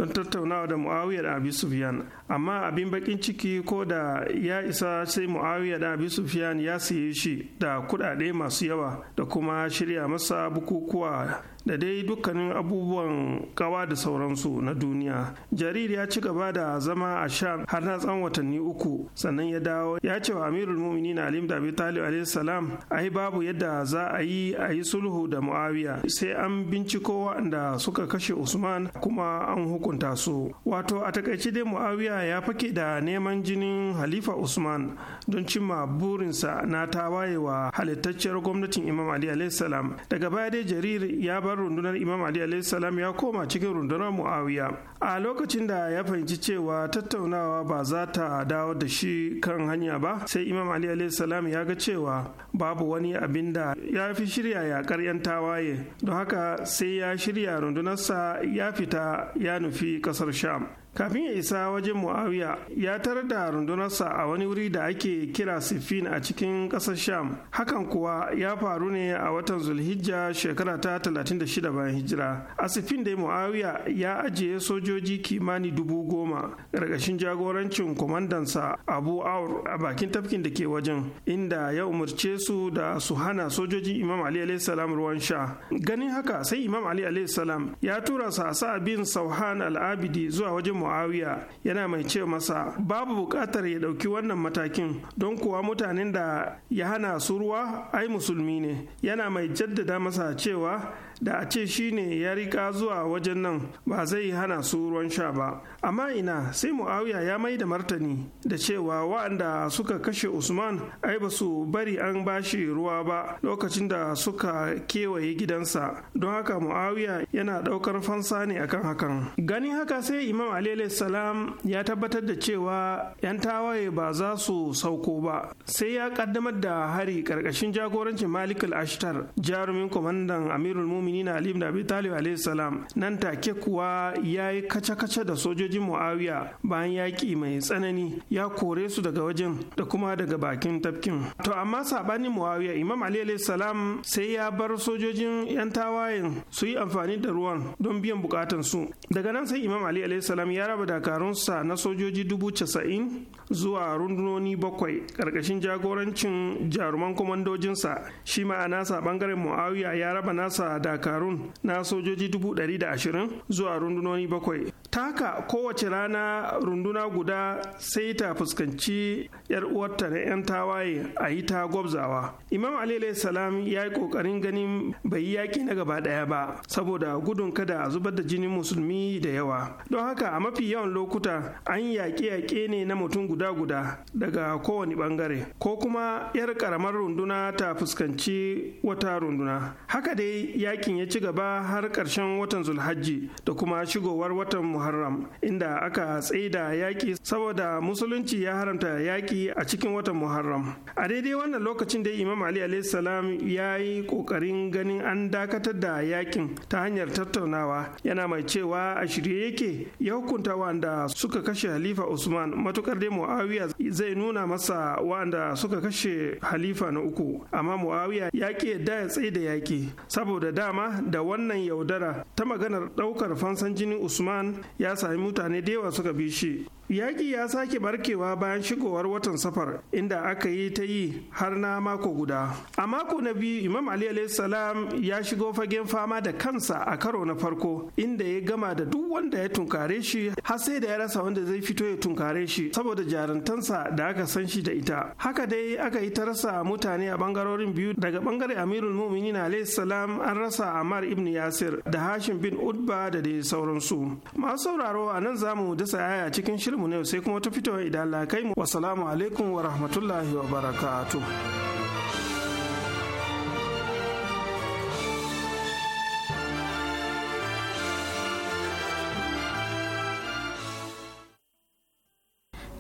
don tattaunawa da muawiyar abi sufyan amma abin bakin ciki ko da ya isa sai muawiyar da abi sufyan ya siye shi da kudade masu yawa da kuma shirya masa bukukuwa da dai dukkanin abubuwan kawa da sauransu na duniya jarir ya ci gaba da zama a sham har na tsawon watanni uku sannan ya dawo ya ce wa amirul muminin alim da abi talib alaihi salam ai babu yadda za a yi a yi sulhu da muawiya sai an binciko waɗanda suka kashe usman kuma an hukunta su wato a takaice dai muawiya ya fake da neman jinin halifa usman don cimma burinsa na tawaye wa halittacciyar gwamnatin imam ali salam daga baya dai jarir ya ba shugaban rundunar imam ali salam ya koma cikin rundunar muawiya a lokacin da ya fahimci cewa tattaunawa ba za ta dawo da shi kan hanya ba sai imam ali salam ya ga cewa babu wani abin da ya fi shirya yakar 'yan tawaye don haka sai ya shirya rundunarsa ya fita ya nufi kasar sham kafin ya isa wajen muawiya ya tar da rundunarsa a wani wuri da ake kira siffin a cikin ƙasar sham hakan kuwa ya faru ne a watan zulhijja shekara ta 36 bayan hijira a siffin da muawiya ya ajiye sojoji kimani dubu goma ƙarƙashin jagorancin kwamandansa abu aur a bakin tafkin da ke wajen inda ya umarce su da su hana sojojin imam ali salam ruwan sha ganin haka sai imam ali salam ya tura sa bin sauhan al'abidi zuwa wajen muawiya yana mai ce masa babu buƙatar ya ɗauki wannan matakin don kuwa mutanen da ya hana su ruwa ai musulmi ne yana mai jaddada masa cewa da a ce shi ne ya rika zuwa wajen nan ba zai hana su ruwan sha ba amma ina sai muawiya ya mai da martani da cewa wa'anda suka kashe usman ai ba su bari an bashi ruwa ba lokacin da suka kewaye gidansa don haka muawiya yana ɗaukar fansa ne akan hakan ganin haka sai imam ali alaihi salam ya tabbatar da cewa 'yan tawaye ba za su sauko ba sai ya kaddamar da hari karkashin jagorancin Malik al-Ashtar jarumin kwamandan Amirul Muminin Ali ibn Abi Talib salam nan take kuwa ya yi kace-kace da sojojin Muawiya bayan yaƙi mai tsanani ya kore su daga wajen da kuma daga bakin tafkin. To amma sabanin Muawiya Imam Ali salam sai ya bar sojojin 'yan tawayen su yi amfani da ruwan don biyan bukatan Daga nan sai Imam Ali salam ya ya raba dakarunsa na sojoji dubu casa'in zuwa rundunoni bakwai ƙarƙashin jagorancin jaruman kwamandojinsa shi ma a nasa ɓangaren muawiya ya raba nasa dakarun na sojoji dubu ɗari da ashirin zuwa rundunoni bakwai ta haka kowace rana runduna guda sai ta fuskanci yar uwarta na 'yan tawaye a yi ta gwabzawa imam ali salam ya yi ƙoƙarin ganin bai yi yaƙi na gaba ɗaya ba saboda gudun kada a zubar da jinin musulmi da yawa don haka a mafi yawan lokuta an yaƙe-yaƙe ne na mutum guda-guda daga kowane ɓangare ko kuma 'yar ƙaramar runduna ta fuskanci wata runduna haka dai yakin ya ci gaba har ƙarshen watan zulhajji da kuma shigowar watan muharram inda aka tsaida yaƙi saboda musulunci ya haramta yaƙi a cikin watan muharram a daidai wannan lokacin da imam ali salam ya yi ƙoƙarin ganin an dakatar da yaƙin ta hanyar tattaunawa yana mai cewa a shirye yake ya hukunta hukunta wanda suka kashe halifa Usman matukar dai Muawiya zai nuna masa wanda suka kashe halifa na uku amma Muawiya ya ki yadda ya tsaye da yaki saboda dama da wannan yaudara ta maganar daukar fansan jinin Usman ya sami mutane da yawa suka bi shi Yaƙi ya sake barkewa bayan shigowar watan safar inda aka yi ta yi har na mako guda. A mako na biyu Imam Ali salam ya shigo fagen fama da kansa a karo na farko inda ya gama da duk wanda ya tunkare shi har sai da ya rasa wanda zai fito ya tunkare shi saboda jarantansa da aka san shi da ita. Haka dai aka yi ta rasa mutane a bangarorin biyu daga bangare Amirul Mu'minin salam an rasa amar ibn Yasir da Hashim bin Udba da dai sauransu. Masu sauraro a nan zamu dasa yaya cikin shirin mu ne sai kuma ta fitowa idan Allah kai mu wassalamu alaikum wa rahmatullahi wa barakatuh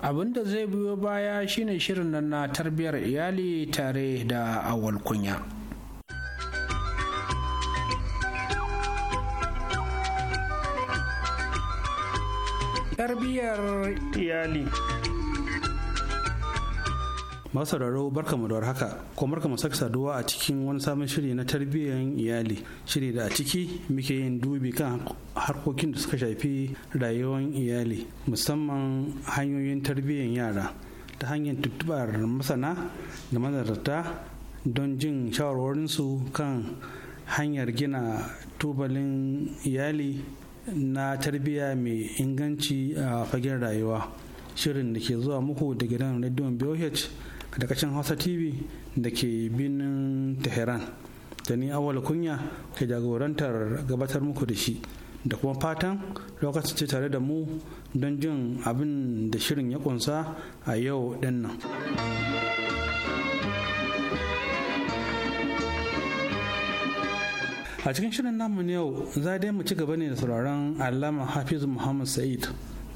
abin da zai biyo baya shine shirin nan na tarbiyyar iyali tare da awal kunya. tarbiyyar iyali masu sauraro barka mu da haka ko barka mu saduwa a cikin wani sabon shiri na tarbiyyar iyali shiri da a ciki muke yin dubi kan harkokin da suka shafi rayuwar iyali musamman hanyoyin tarbiyyar yara ta hanyar tuttubar masana da manzarta don jin shawarwarinsu kan hanyar gina tubalin iyali na tarbiyya mai inganci a fagen rayuwa shirin da ke zuwa muku da gidan rediyon BOH da kashin Hausa TV da ke binin Tehran da ni awal kunya ke jagorantar gabatar muku da shi da kuma fatan lokacin ce tare da mu don jin abin da shirin ya kunsa a yau dinnan. nan. a cikin shirin namu yau za dai mu ci gaba ne da sauraron alama Hafizu muhammad sa'id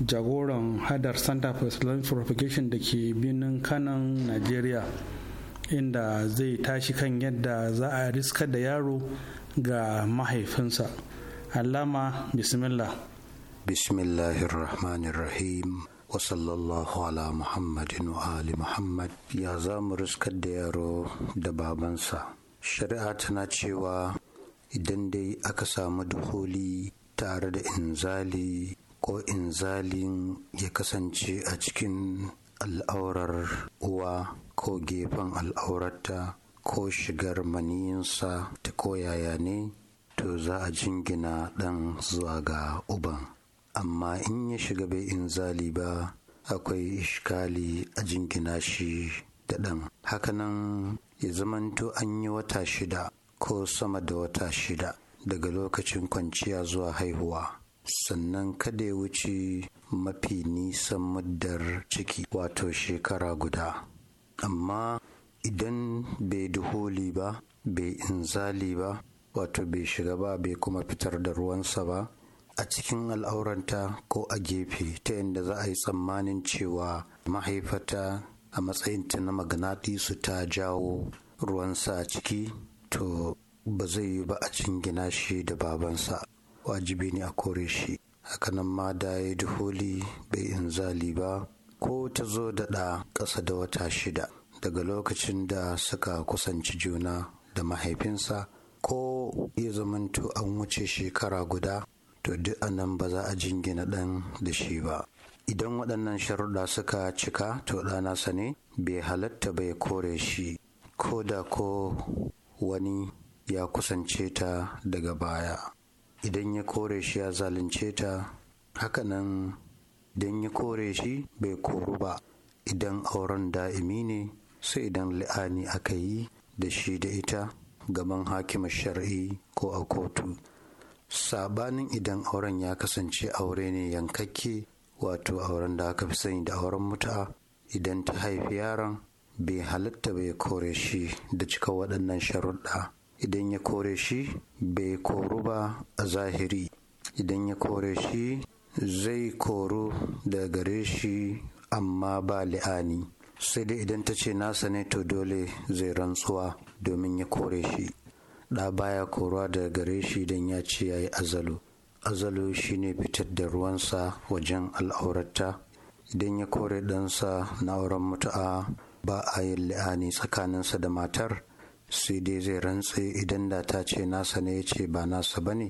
jagoran hadar center for islamic propagation da ke birnin kanan nigeria inda zai tashi kan yadda za a riskar da yaro ga mahaifinsa alama bismillah bismillahirrahmanirrahim wa sallallahu ala muhammadin wa ali muhammad ya za mu riskar da yaro da babansa shari'a tana cewa idan dai aka samu duholi tare da inzali ko inzalin ya kasance a cikin al'aurar uwa ko gefen al'aurarta ko shigar maniyinsa ta koyaya ne to za a jingina ɗan zuwa ga uban amma in ya shiga bai inzali ba akwai ishkali a jingina shi da ɗan hakanan ya zamanto an yi wata shida ko sama da wata shida daga lokacin kwanciya zuwa haihuwa sannan kada ya wuce mafi nisan muddar ciki wato shekara guda amma idan bai duholi ba bai inzali ba wato bai shiga ba bai kuma fitar da ruwansa ba a cikin al'auranta ko a gefe ta yadda za a yi tsammanin cewa mahaifata a matsayinta na su ta jawo ruwansa a ciki to ba zai yi ba a gina shi da babansa wajibi ne a kore shi hakanan ma da ya duholi bai in zali ba ko ta zo da ɗa ƙasa da wata shida daga lokacin da suka kusanci juna da mahaifinsa ko ya zamanto an wuce shekara guda to duk anan ba za a jingina ɗan da shi ba idan waɗannan sharuɗa suka cika to ɗanasa ne bai halatta bai kore shi ko da ko wani ya kusance ta daga baya idan ya kore shi ya zalunce ta hakanan idan ya kore shi bai koru ba idan auren da'imi ne sai idan la'ani aka yi da shi da ita gaban hakimin shari'i ko a kotu sabanin idan auren ya kasance aure ne yankakke wato auren da aka fi sani da auren mutu'a idan ta haifi yaron bai halatta bai kore shi da cika waɗannan sharuɗa idan ya kore shi bai koru ba a zahiri idan ya kore shi zai koru da gare shi amma ba li'ani sai dai idan ta ce nasa ne to dole zai rantsuwa domin ya kore shi ɗa baya koruwa da gare shi idan ya ce ya yi azalu azalu shine fitar da ruwansa wajen al'aurata idan ya kore ɗansa na auren mutu'a ba a yin li'ani tsakaninsa da matar sai dai zai rantse idan da ta ce nasa ne ya ce ba nasa ba ne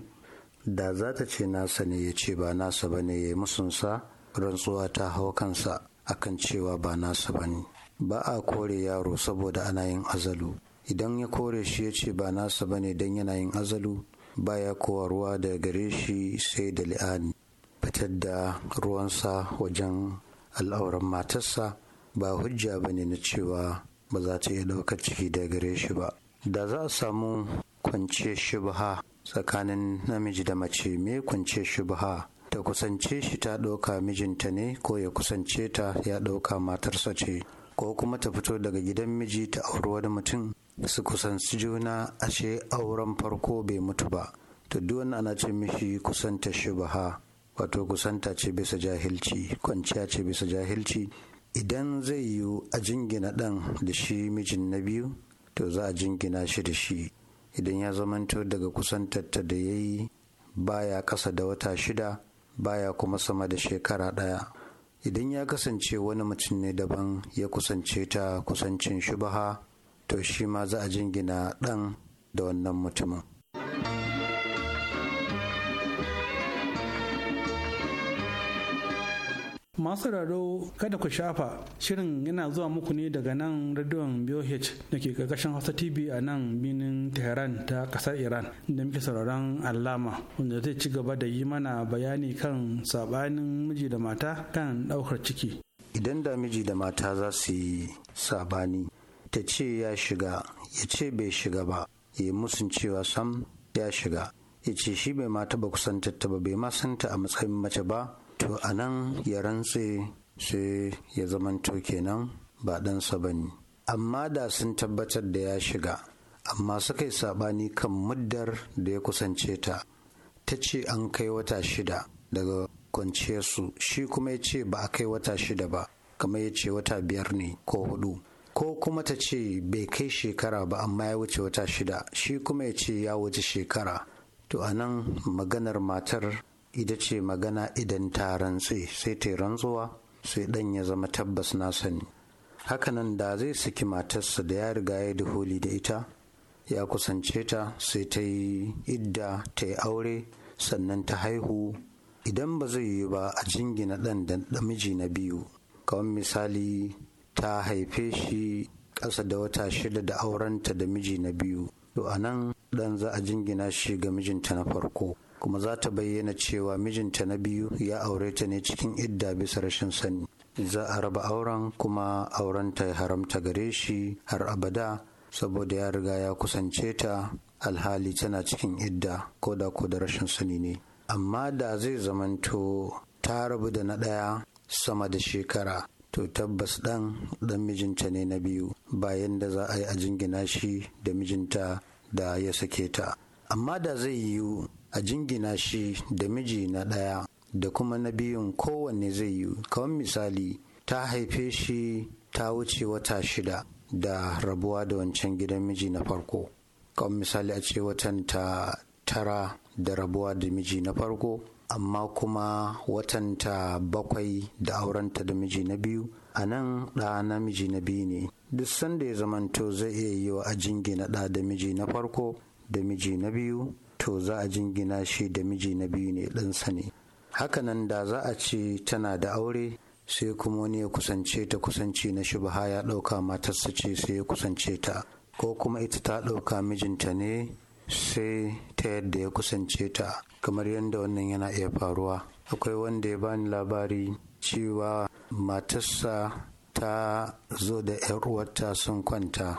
da za ta ce nasa ne ya ce ba nasa ba ne ya yi musunsa rantsuwa ta hau kansa a kan cewa ba nasa ba ne ba a kore yaro saboda ana yin azalu idan ya kore shi ya ce ba nasa ba ne don yana yin azalu ba baya kowarwa da gare shi sai da li'ani fitar da ruwansa wajen al'auran matarsa ba hujja ba ne na cewa ba za ta iya ɗaukar ciki da gare shi ba da za a samu kwance shubha tsakanin namiji da mace me kwance shubha ta kusance shi ta ɗauka mijinta ne ko ya kusance ta ya ɗauka matarsa ce ko kuma ta fito daga gidan miji ta auri wani mutum su kusanci juna ashe auren farko bai mutu ba to duk wani ana ce mishi kusanta shubha wato kusanta ce bisa jahilci kwanciya ce bisa jahilci idan zai yiwu a jingina ɗan da shi mijin na biyu to za a jingina shi da shi idan ya zamanto daga kusantarta da ya yi baya ƙasa da wata shida baya kuma sama da shekara ɗaya idan ya kasance wani mutum ne daban ya kusance ta kusancin shubaha to shi ma za a jingina ɗan da wannan mutumin masu raro kada ku shafa shirin yana zuwa muku ne daga nan radiyon BOH da ke karkashin Hausa TV a nan binin Tehran ta kasar Iran da muke sauraron alama wanda zai ci gaba da yi mana bayani kan sabanin miji da mata kan daukar ciki. Idan da miji da mata za su yi sabani ta ce ya shiga ya ce bai shiga ba ya musun cewa sam ya shiga ya ce shi bai mata ba kusan ba bai ma a matsayin mace ba to a nan ya rantse sai ya zamanto kenan ba ɗansa ba ne amma da sun tabbatar da ya shiga amma suka yi saɓani kan muddar da ya kusance ta ta ce an kai wata shida daga kwanciyarsu shi kuma ya ce ba a kai wata shida ba kamar ya ce wata biyar ne ko hudu ko kuma ta ce bai kai shekara ba amma ya wuce wata shida shi kuma ya ce ya wuce shekara to a nan maganar matar ita ce magana idan ta rantse sai ta rantsuwa sai dan ya zama tabbas na sani hakanan da zai saki matarsa da ya riga ya holi da ita ya kusance ta sai ta yi idda ta yi aure sannan ta haihu idan ba zai yi ba a jingina dan da miji na biyu kawai misali ta haife shi ƙasa da wata shida da aurenta da miji na biyu to a nan ɗan za a jingina shi ga mijinta na farko kuma za ta bayyana cewa mijinta na biyu ya aure ta ne cikin idda bisa rashin sani za a raba auren kuma aurenta ya haramta gare shi har abada saboda ya riga ya kusance ta alhali tana cikin idda ko da ko da rashin sani ne amma da zai zamanto ta rabu da na ɗaya sama da shekara to tabbas ɗan ɗan mijinta ne na biyu bayan da za a yi a jingina shi da mijinta da ya sake ta amma da zai yiwu a jingina shi da miji na ɗaya da kuma na biyun kowanne zai yi kawai misali ta haife shi ta wuce wata shida da rabuwa da wancan gidan miji na farko kawai misali a ce watan ta tara da rabuwa da miji na farko amma kuma watan ta bakwai da aurenta da miji na biyu a nan ɗa na miji na biyu ne duk sanda ya zamanto zai iya yi wa a jingina ɗa da miji na farko da miji na biyu to za a jingina shi da miji na biyu ne ɗansa ne hakanan da za a ce tana da aure sai kuma wani ya kusance ta kusanci na shi ba, ya ɗauka matarsa ce sai ya kusance ta ko kuma ita ta ɗauka mijinta ne sai ta yadda ya kusance ta kamar yadda wannan yana iya faruwa akwai wanda ya bani labari cewa matarsa ta zo da 'yar uwarta sun kwanta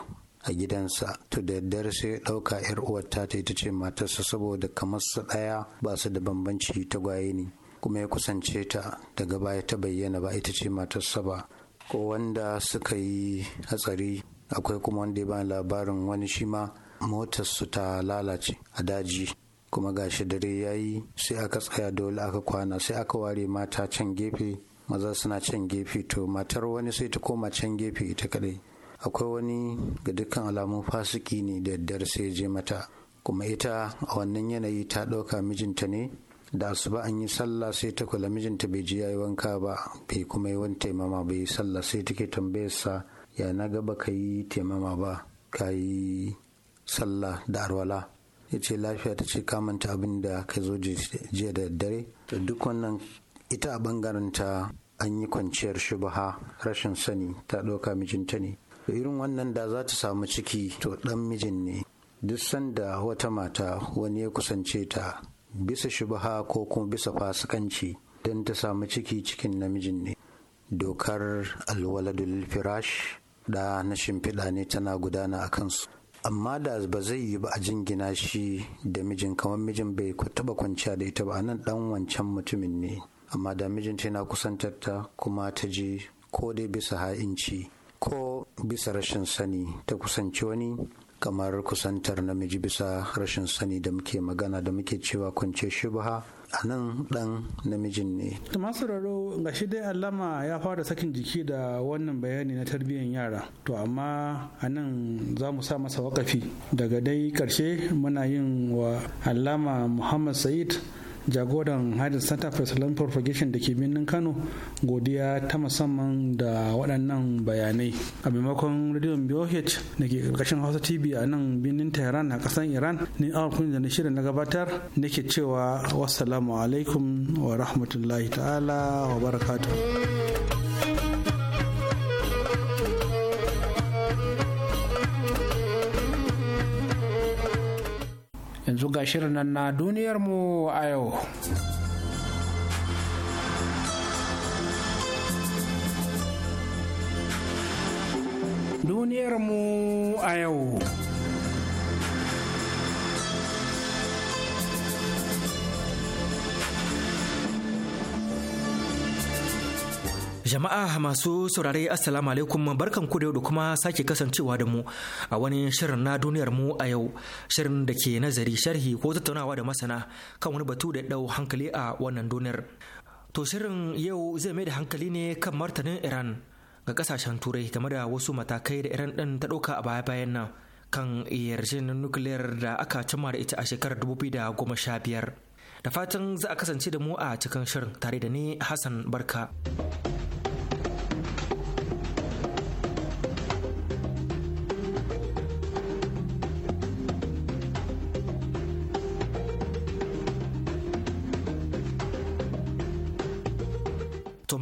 a gidansa to da daddare sai ɗauka yar uwarta ta ita ce matarsa saboda kamar su ɗaya ba su da bambanci tagwaye ne kuma ya kusance ta daga baya ta bayyana ba ita ce matarsa ba ko wanda suka yi hatsari akwai kuma wanda ya ba labarin wani shi ma motarsu ta lalace a daji kuma gashi dare ya yi sai aka tsaya dole aka kwana sai aka ware mata can gefe maza suna can gefe to matar wani sai ta koma can gefe ita kadai akwai wani ga dukkan alamun fasiki ne da daddare sai je mata kuma ita a wannan yanayi ta ɗauka mijinta ne da asuba an yi sallah sai ta kula mijinta bai ji ya yi wanka ba bai kuma yi wani taimama bai yi sallah sai take tambayarsa ya na gaba ka yi taimama ba ka yi sallah da arwala ya ce lafiya ta ce kamanta abin da ka zo jiya da daddare da duk wannan ita a bangaren ta an yi kwanciyar shubaha rashin sani ta ɗauka mijinta ne irin wannan da za ta samu ciki to ɗan mijin ne duk sanda wata mata wani ya kusance ta bisa shubha ko kuma bisa fasikanci don ta samu ciki cikin namijin ne dokar alwaladul firash da na shimfiɗa ne tana gudana a kansu amma da ba zai yi ba a jingina shi da mijin kamar mijin bai taba kwanciya da ita ba a nan ɗan wancan mutumin ne amma da mijin mijinta yana kusantar ta kuma ta ji ko dai bisa ha'inci ko bisa rashin sani ta kusanci wani kamar kusantar namiji bisa rashin sani da muke magana da muke cewa kwance shubha a nan dan namijin ne. masu raro ga shi dai allama ya fara sakin jiki da wannan bayani na tarbiyyar yara to amma a nan za mu sa masa wakafi daga dai karshe muna yin wa allama muhammad sa'id jagoran hadin center for islam propagation da ke birnin kano godiya ta musamman da waɗannan bayanai a maimakon rediyon boh da ke ƙarƙashin hausa tv a nan birnin tehran a ƙasar iran ne awar kun da na shirin na gabatar nake cewa wassalamu alaikum wa rahmatullahi ta'ala wa barakatuh yanzu ga shirin nan na duniyarmu a yau duniyarmu a yau Jama'a masu saurare Assalamu alaikum barkan ku da yau kuma sake kasancewa da mu a wani shirin na duniyar mu a yau shirin da ke nazari sharhi ko tattaunawa da masana kan wani batu da dau hankali a wannan duniyar. To shirin yau zai mai da hankali ne kan martanin Iran ga kasashen turai game da wasu matakai da Iran din ta dauka a baya-bayan nan kan yarjejeniyar nukiliyar da aka cimma da ita a shekarar 2015. Da fatan za a kasance da mu a cikin shirin tare da ni Hassan Barka.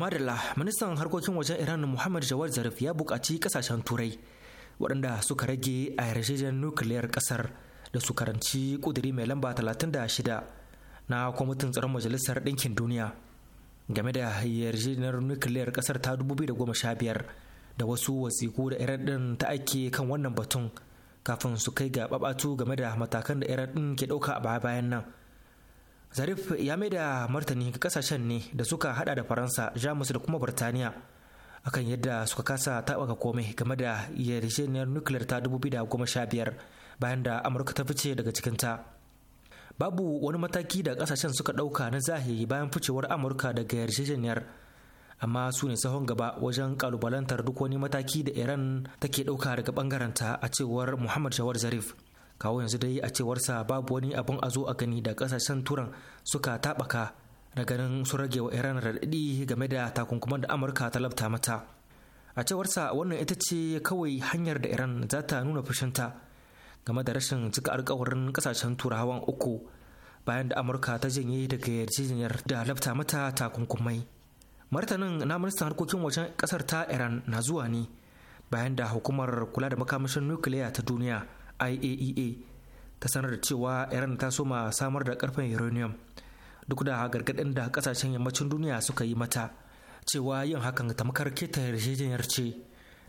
madalla ministan harkokin wajen iran muhammad jawad zarif ya buƙaci kasashen turai waɗanda suka rage a yarjejen nukiliyar ƙasar da su karanci ƙudiri mai lamba 36 na kwamitin tsaron majalisar ɗinkin duniya game da yarjejeniyar nukiliyar ƙasar ta 2015 da wasu wasiku da iran ɗin ta ake kan wannan batun kafin su kai ga babatu game da matakan da iran ɗin ke ɗauka a baya-bayan nan zarif ya mai da martani ga kasashen ne da suka hada da faransa jamus da kuma birtaniya akan yadda suka kasa ga komai game da yarjejeniyar nukiliyar ta 2015 bayan da amurka ta fice daga cikinta babu wani mataki da kasashen suka dauka na zahiri bayan ficewar amurka daga yarjejeniyar amma su ne sahon gaba wajen kalubalantar duk wani mataki da iran take dauka daga ɓangaranta a cewar muhammad shawar zarif kawo yanzu dai a cewarsa babu wani abin a zo a gani da kasashen turan suka taɓaka da ganin sun rage wa iran raɗaɗi game da takunkuman da amurka ta labta mata a cewarsa wannan ita ce kawai hanyar da iran za ta nuna fushinta game da rashin cika alkawarin kasashen turawan uku bayan da amurka ta janye daga yarjejeniyar da labta mata takunkumai martanin na ministan harkokin wajen kasar ta iran na zuwa ne bayan da hukumar kula da makamashin nukiliya ta duniya iaea e ta sanar da cewa iran ta soma samar da karfin uranium duk da gargadin da kasashen yammacin duniya suka yi mata cewa yin hakan ta tamkar keta yarjejeniyar ce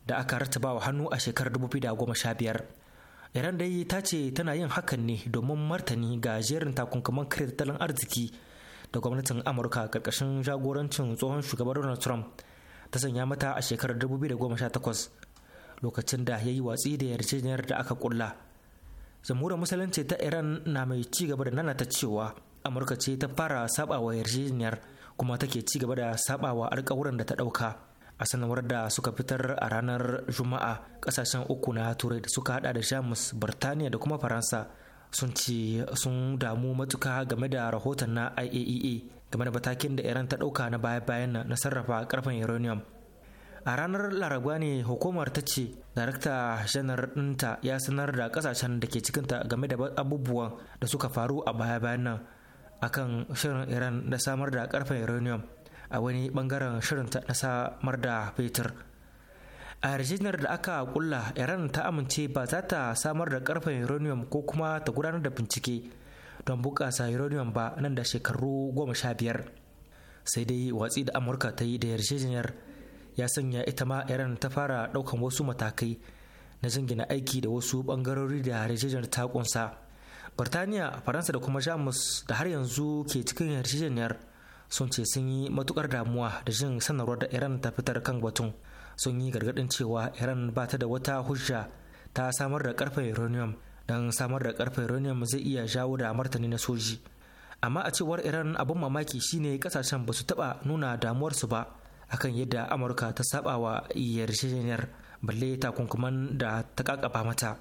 da aka rataba wa hannu a shekarar 2015 iran dai ta ce tana yin hakan ne domin martani ga jerin takunkuman kare tattalin arziki da gwamnatin amurka karkashin jagorancin tsohon shugaban donald trump ta sanya mata a shekarar 2018 lokacin da ya yi watsi da yarjejeniyar da aka kulla jamhuriyar musulunci ta iran na mai ci gaba da nanata cewa amurka ce ta fara sabawa yarjejeniyar kuma take ci gaba da sabawa alkawuran da ta dauka a sanarwar da suka fitar a ranar juma'a kasashen uku na turai da suka hada da jamus birtaniya da kuma faransa sun ce sun damu matuka game da rahoton na iaea e game da matakin da iran ta dauka na baya-bayan na sarrafa karfin uranium a ranar laraba ne hukumar ta ce darakta janar ɗinta ya sanar da kasashen da ke cikinta game da abubuwan da suka faru a baya-bayan nan akan shirin iran da samar da karfen uranium a wani bangaren shirin na samar da fetur a yarjejeniyar da aka kulla iran ta amince ba za ta samar da karfen uranium ko kuma ta gudanar da bincike don bukasa uranium ba nan da shekaru goma sha biyar sai dai watsi da amurka ta yi da yarjejeniyar ya sanya ita ma iran ta fara daukan wasu matakai na jingina aiki da wasu bangarori da rijijar ta kunsa birtaniya faransa da kuma jamus da har yanzu ke cikin yarjejeniyar sun ce sun yi matukar damuwa da jin sanarwar da iran ta fitar kan batun sun yi gargadin cewa iran ba ta da wata hujja ta samar da karfe uranium don samar da karfe uranium zai iya jawo da martani na soji amma a cewar iran abin mamaki shine kasashen ba su taba nuna damuwarsu ba akan yadda amurka ta saba wa yarjejeniyar balle takunkuman da ta kakaba mata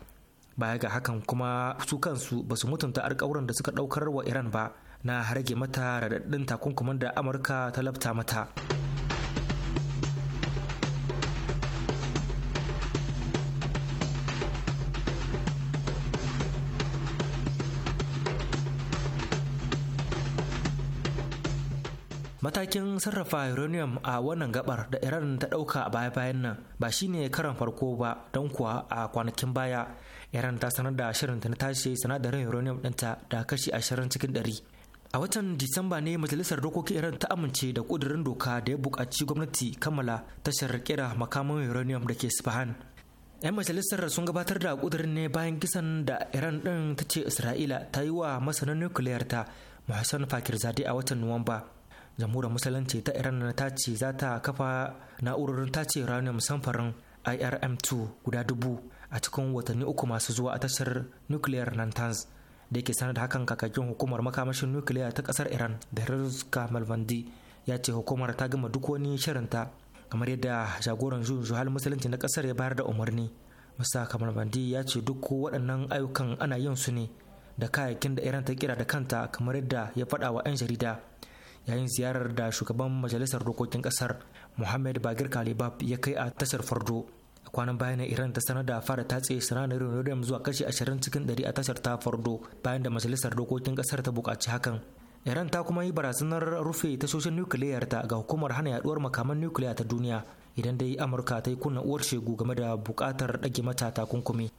baya ga hakan kuma su kansu ba su mutunta alkawuran da suka daukar wa iran ba na rage mata radadin takunkuman da amurka ta labta mata sarrafa uranium a wannan gabar da Iran ta ɗauka a baya-bayan nan ba shine karan farko ba don kuwa a kwanakin baya Iran ta sanar da shirin ta na tashi sinadarin uranium dinta da kashi ashirin cikin ɗari. A watan Disamba ne Majalisar Dokokin Iran ta amince da kudurin doka da ya buƙaci gwamnati kammala tashar kira makaman uranium da ke Sifahan. 'Yan majalisar sun gabatar da kudurin ne bayan kisan da Iran din ta ce Isra'ila ta yi wa masanin nukiliyar ta fakir zade a watan Nuwamba. jamhuriyar musulunci ta iran ta ce za ta kafa na'urorin ce ranar samfarin irm2 guda dubu a cikin watanni uku masu zuwa a tashar nuclear nantans da yake sanar da hakan kakakin hukumar makamashin nukiliya ta kasar iran da rizka malvandi ya ce hukumar ta gama duk wani shirinta kamar yadda jagoran zuwa zuhal musulunci na kasar ya bayar da umarni musa bandi ya ce duk waɗannan ayyukan ana yin su ne da kayayyakin da iran ta kira da kanta kamar yadda ya faɗa wa 'yan jarida yayin ziyarar da shugaban majalisar dokokin kasar muhammad bagir kalibab ya kai a tashar fardo a kwanan bayan iran ta sanar da fara tatse sinadarin uranium zuwa kashi ashirin cikin 100 a tashar ta fardo bayan da majalisar dokokin kasar ta bukaci hakan iran ta kuma yi barazanar rufe tashoshin nukiliyar ta ga hukumar hana yaduwar makaman nukiliya ta duniya idan dai amurka ta yi kunna uwar shegu game da bukatar ɗage mata takunkumi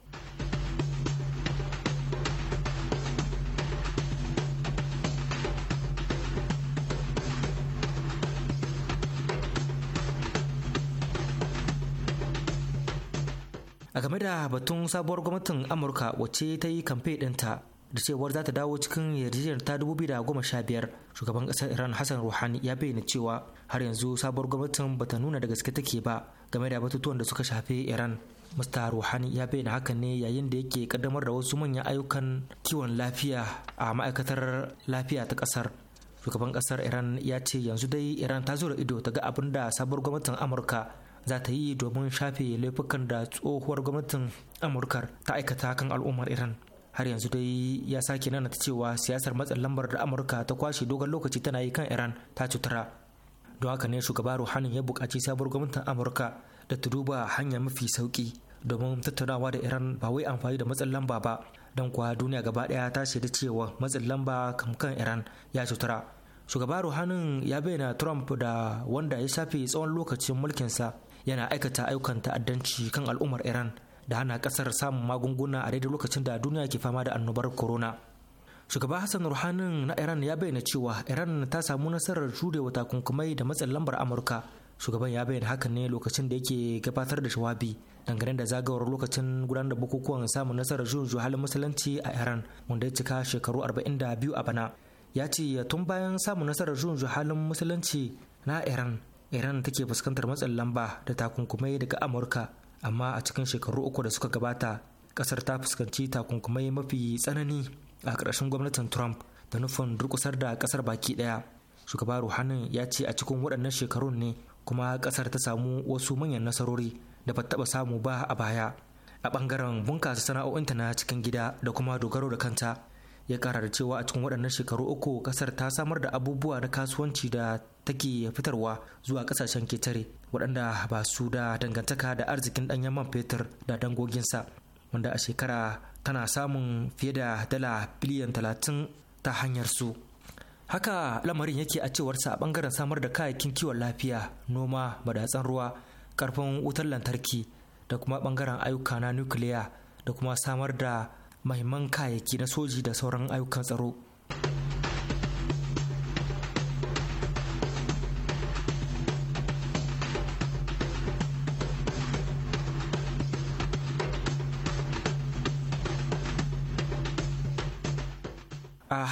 game da batun sabuwar gwamnatin amurka wacce ta yi kamfe ɗinta da cewar za ta dawo cikin yarjejeniyar ta biyar shugaban ƙasar iran hassan ruhani ya bayyana cewa har yanzu sabuwar gwamnatin ba ta nuna da gaske take ba game da batutuwan da suka shafe iran Mr. Ruhani ya bayyana haka ne yayin da yake kaddamar da wasu manyan ayyukan kiwon lafiya a ma'aikatar lafiya ta ƙasar Shugaban ƙasar Iran ya ce yanzu dai Iran ta zura ido ta ga abin da sabuwar gwamnatin Amurka za ta yi domin shafe laifukan da tsohuwar gwamnatin amurkar ta aikata kan al'ummar iran har yanzu dai ya sake nana ta cewa siyasar matsin lambar da amurka ta kwashe dogon lokaci tana yi kan iran ta cutara don haka ne shugaba ruhanin ya buƙaci sabuwar gwamnatin amurka da ta duba hanya mafi sauki domin tattaunawa da iran ba wai amfani da matsin lamba ba don kuwa duniya gaba ɗaya ta shaida cewa matsin lamba kan iran ya cutara shugaba ruhanin ya bayyana trump da wanda ya shafe tsawon lokacin mulkinsa yana aikata ayyukan ta'addanci kan al'ummar iran da hana kasar samun magunguna a daidai lokacin da duniya ke fama da annobar corona shugaba hassan ruhanin na iran ya bayyana cewa iran ta samu nasarar jurewa takunkumai da matsin lambar amurka shugaban ya bayyana hakan ne lokacin da yake gabatar da shawabi dangane da zagawar lokacin gudanar da bukukuwan samun nasarar juyin halin musulunci a iran wanda ya cika shekaru arba'in da biyu a bana ya ce tun bayan samun nasarar juyin halin musulunci na iran iran take fuskantar matsin lamba da takunkumai daga amurka amma a cikin shekaru uku da suka gabata kasar ta fuskanci takunkumai mafi tsanani a ƙarshen gwamnatin trump da nufin durkusar da kasar baki daya shugaba ruhanin ya ce a cikin waɗannan shekarun ne kuma kasar ta samu wasu manyan nasarori da ba taɓa samu ba a baya a ɓangaren bunkasa sana'o'inta na cikin gida da kuma dogaro da kanta ya kara da cewa a cikin waɗannan shekaru uku kasar ta samar da abubuwa na kasuwanci da take fitarwa zuwa kasashen ketare waɗanda ba su da dangantaka da arzikin ɗanyen man fetur da dangoginsa wanda a shekara tana samun fiye da dala biliyan talatin ta hanyar su haka lamarin yake a cewarsa a bangaren samar da kayayyakin kiwon lafiya noma madatsan ruwa karfin wutar lantarki da kuma bangaren ayyuka na nukiliya da kuma samar da mahimman kayayyaki na soji da sauran ayyukan tsaro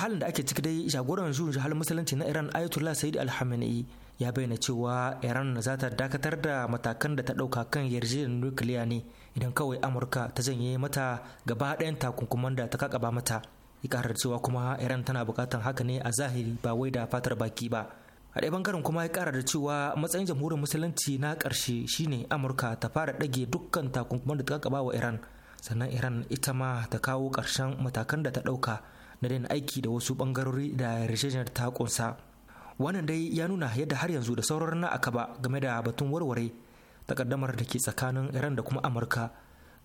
halin da ake ciki dai jagoran juyin jihar musulunci na iran ayatollah sayyid al ya bayyana cewa iran zata zata dakatar da matakan da ta dauka kan yarjejeniyar nukiliya ne idan kawai amurka ta janye mata gaba ɗayan takunkuman da ta kakaba mata ya ƙarar cewa kuma iran tana buƙatar haka ne a zahiri ba wai da fatar baki ba a ɗaya bangaren kuma ya kara da cewa matsayin jamhuriyar musulunci na ƙarshe shine amurka ta fara ɗage dukkan takunkuman da ta kakaba wa iran sannan iran ita ma ta kawo ƙarshen matakan da ta ɗauka na daina aiki da wasu bangarori da yarjejeniyar ta kunsa wannan dai ya nuna yadda har yanzu da sauran na akaba game da batun warware takaddamar da ke tsakanin iran da kuma amurka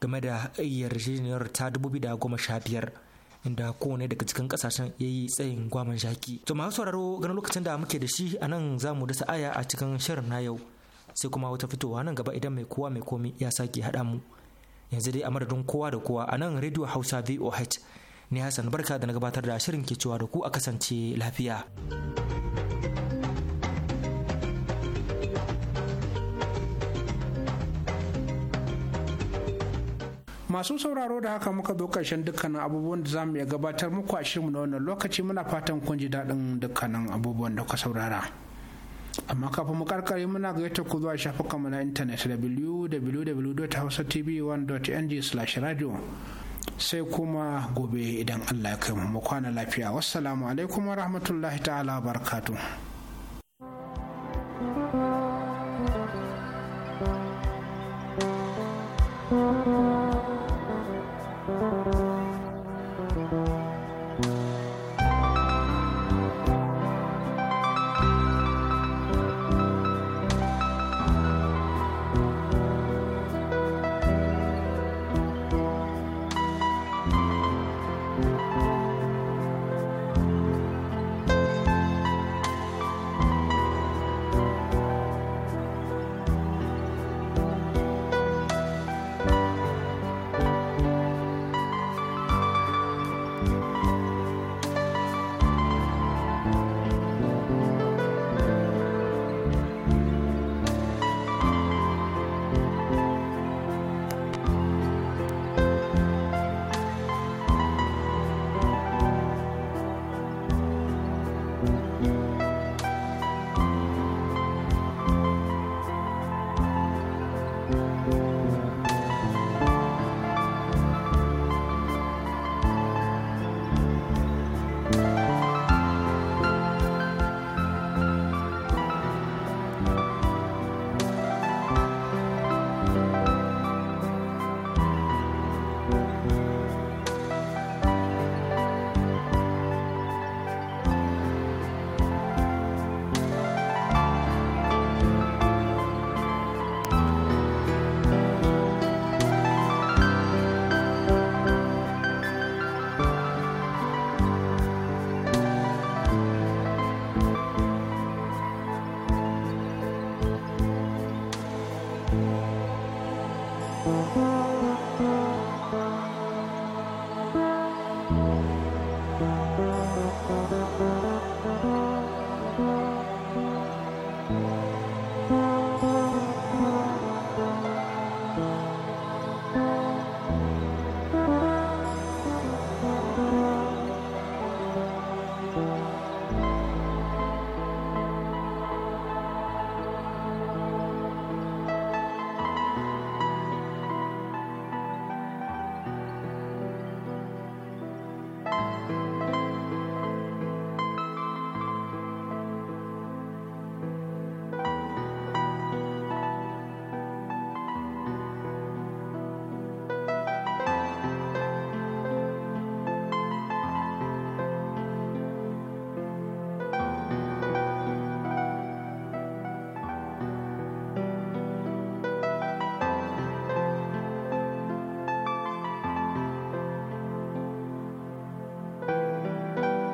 game da yarjejeniyar ta dubu da goma sha biyar inda kowane daga cikin kasashen ya yi tsayin gwaman shaki to masu sauraro ganin lokacin da muke da shi a nan za mu dasa aya a cikin shirin na yau sai kuma wata fitowa nan gaba idan mai kowa mai komi ya sake haɗa mu yanzu dai a madadin kowa da kowa a nan radio hausa voh ni hassan barka da na gabatar da shirin ke cewa da ku a kasance lafiya masu sauraro da haka muka zo karshen dukkanin abubuwan da za mu iya gabatar muku a shirin na wannan lokaci muna fatan kun ji daɗin dukkanin abubuwan da ka saurara amma kafin mu karkare muna gayyata ku zuwa shafukanmu na intanet www.hausatv1.ng/radio sai kuma gobe idan Allah ya kai mu kwana lafiya wassalamu alaikum wa rahmatullahi ta'ala barakatuh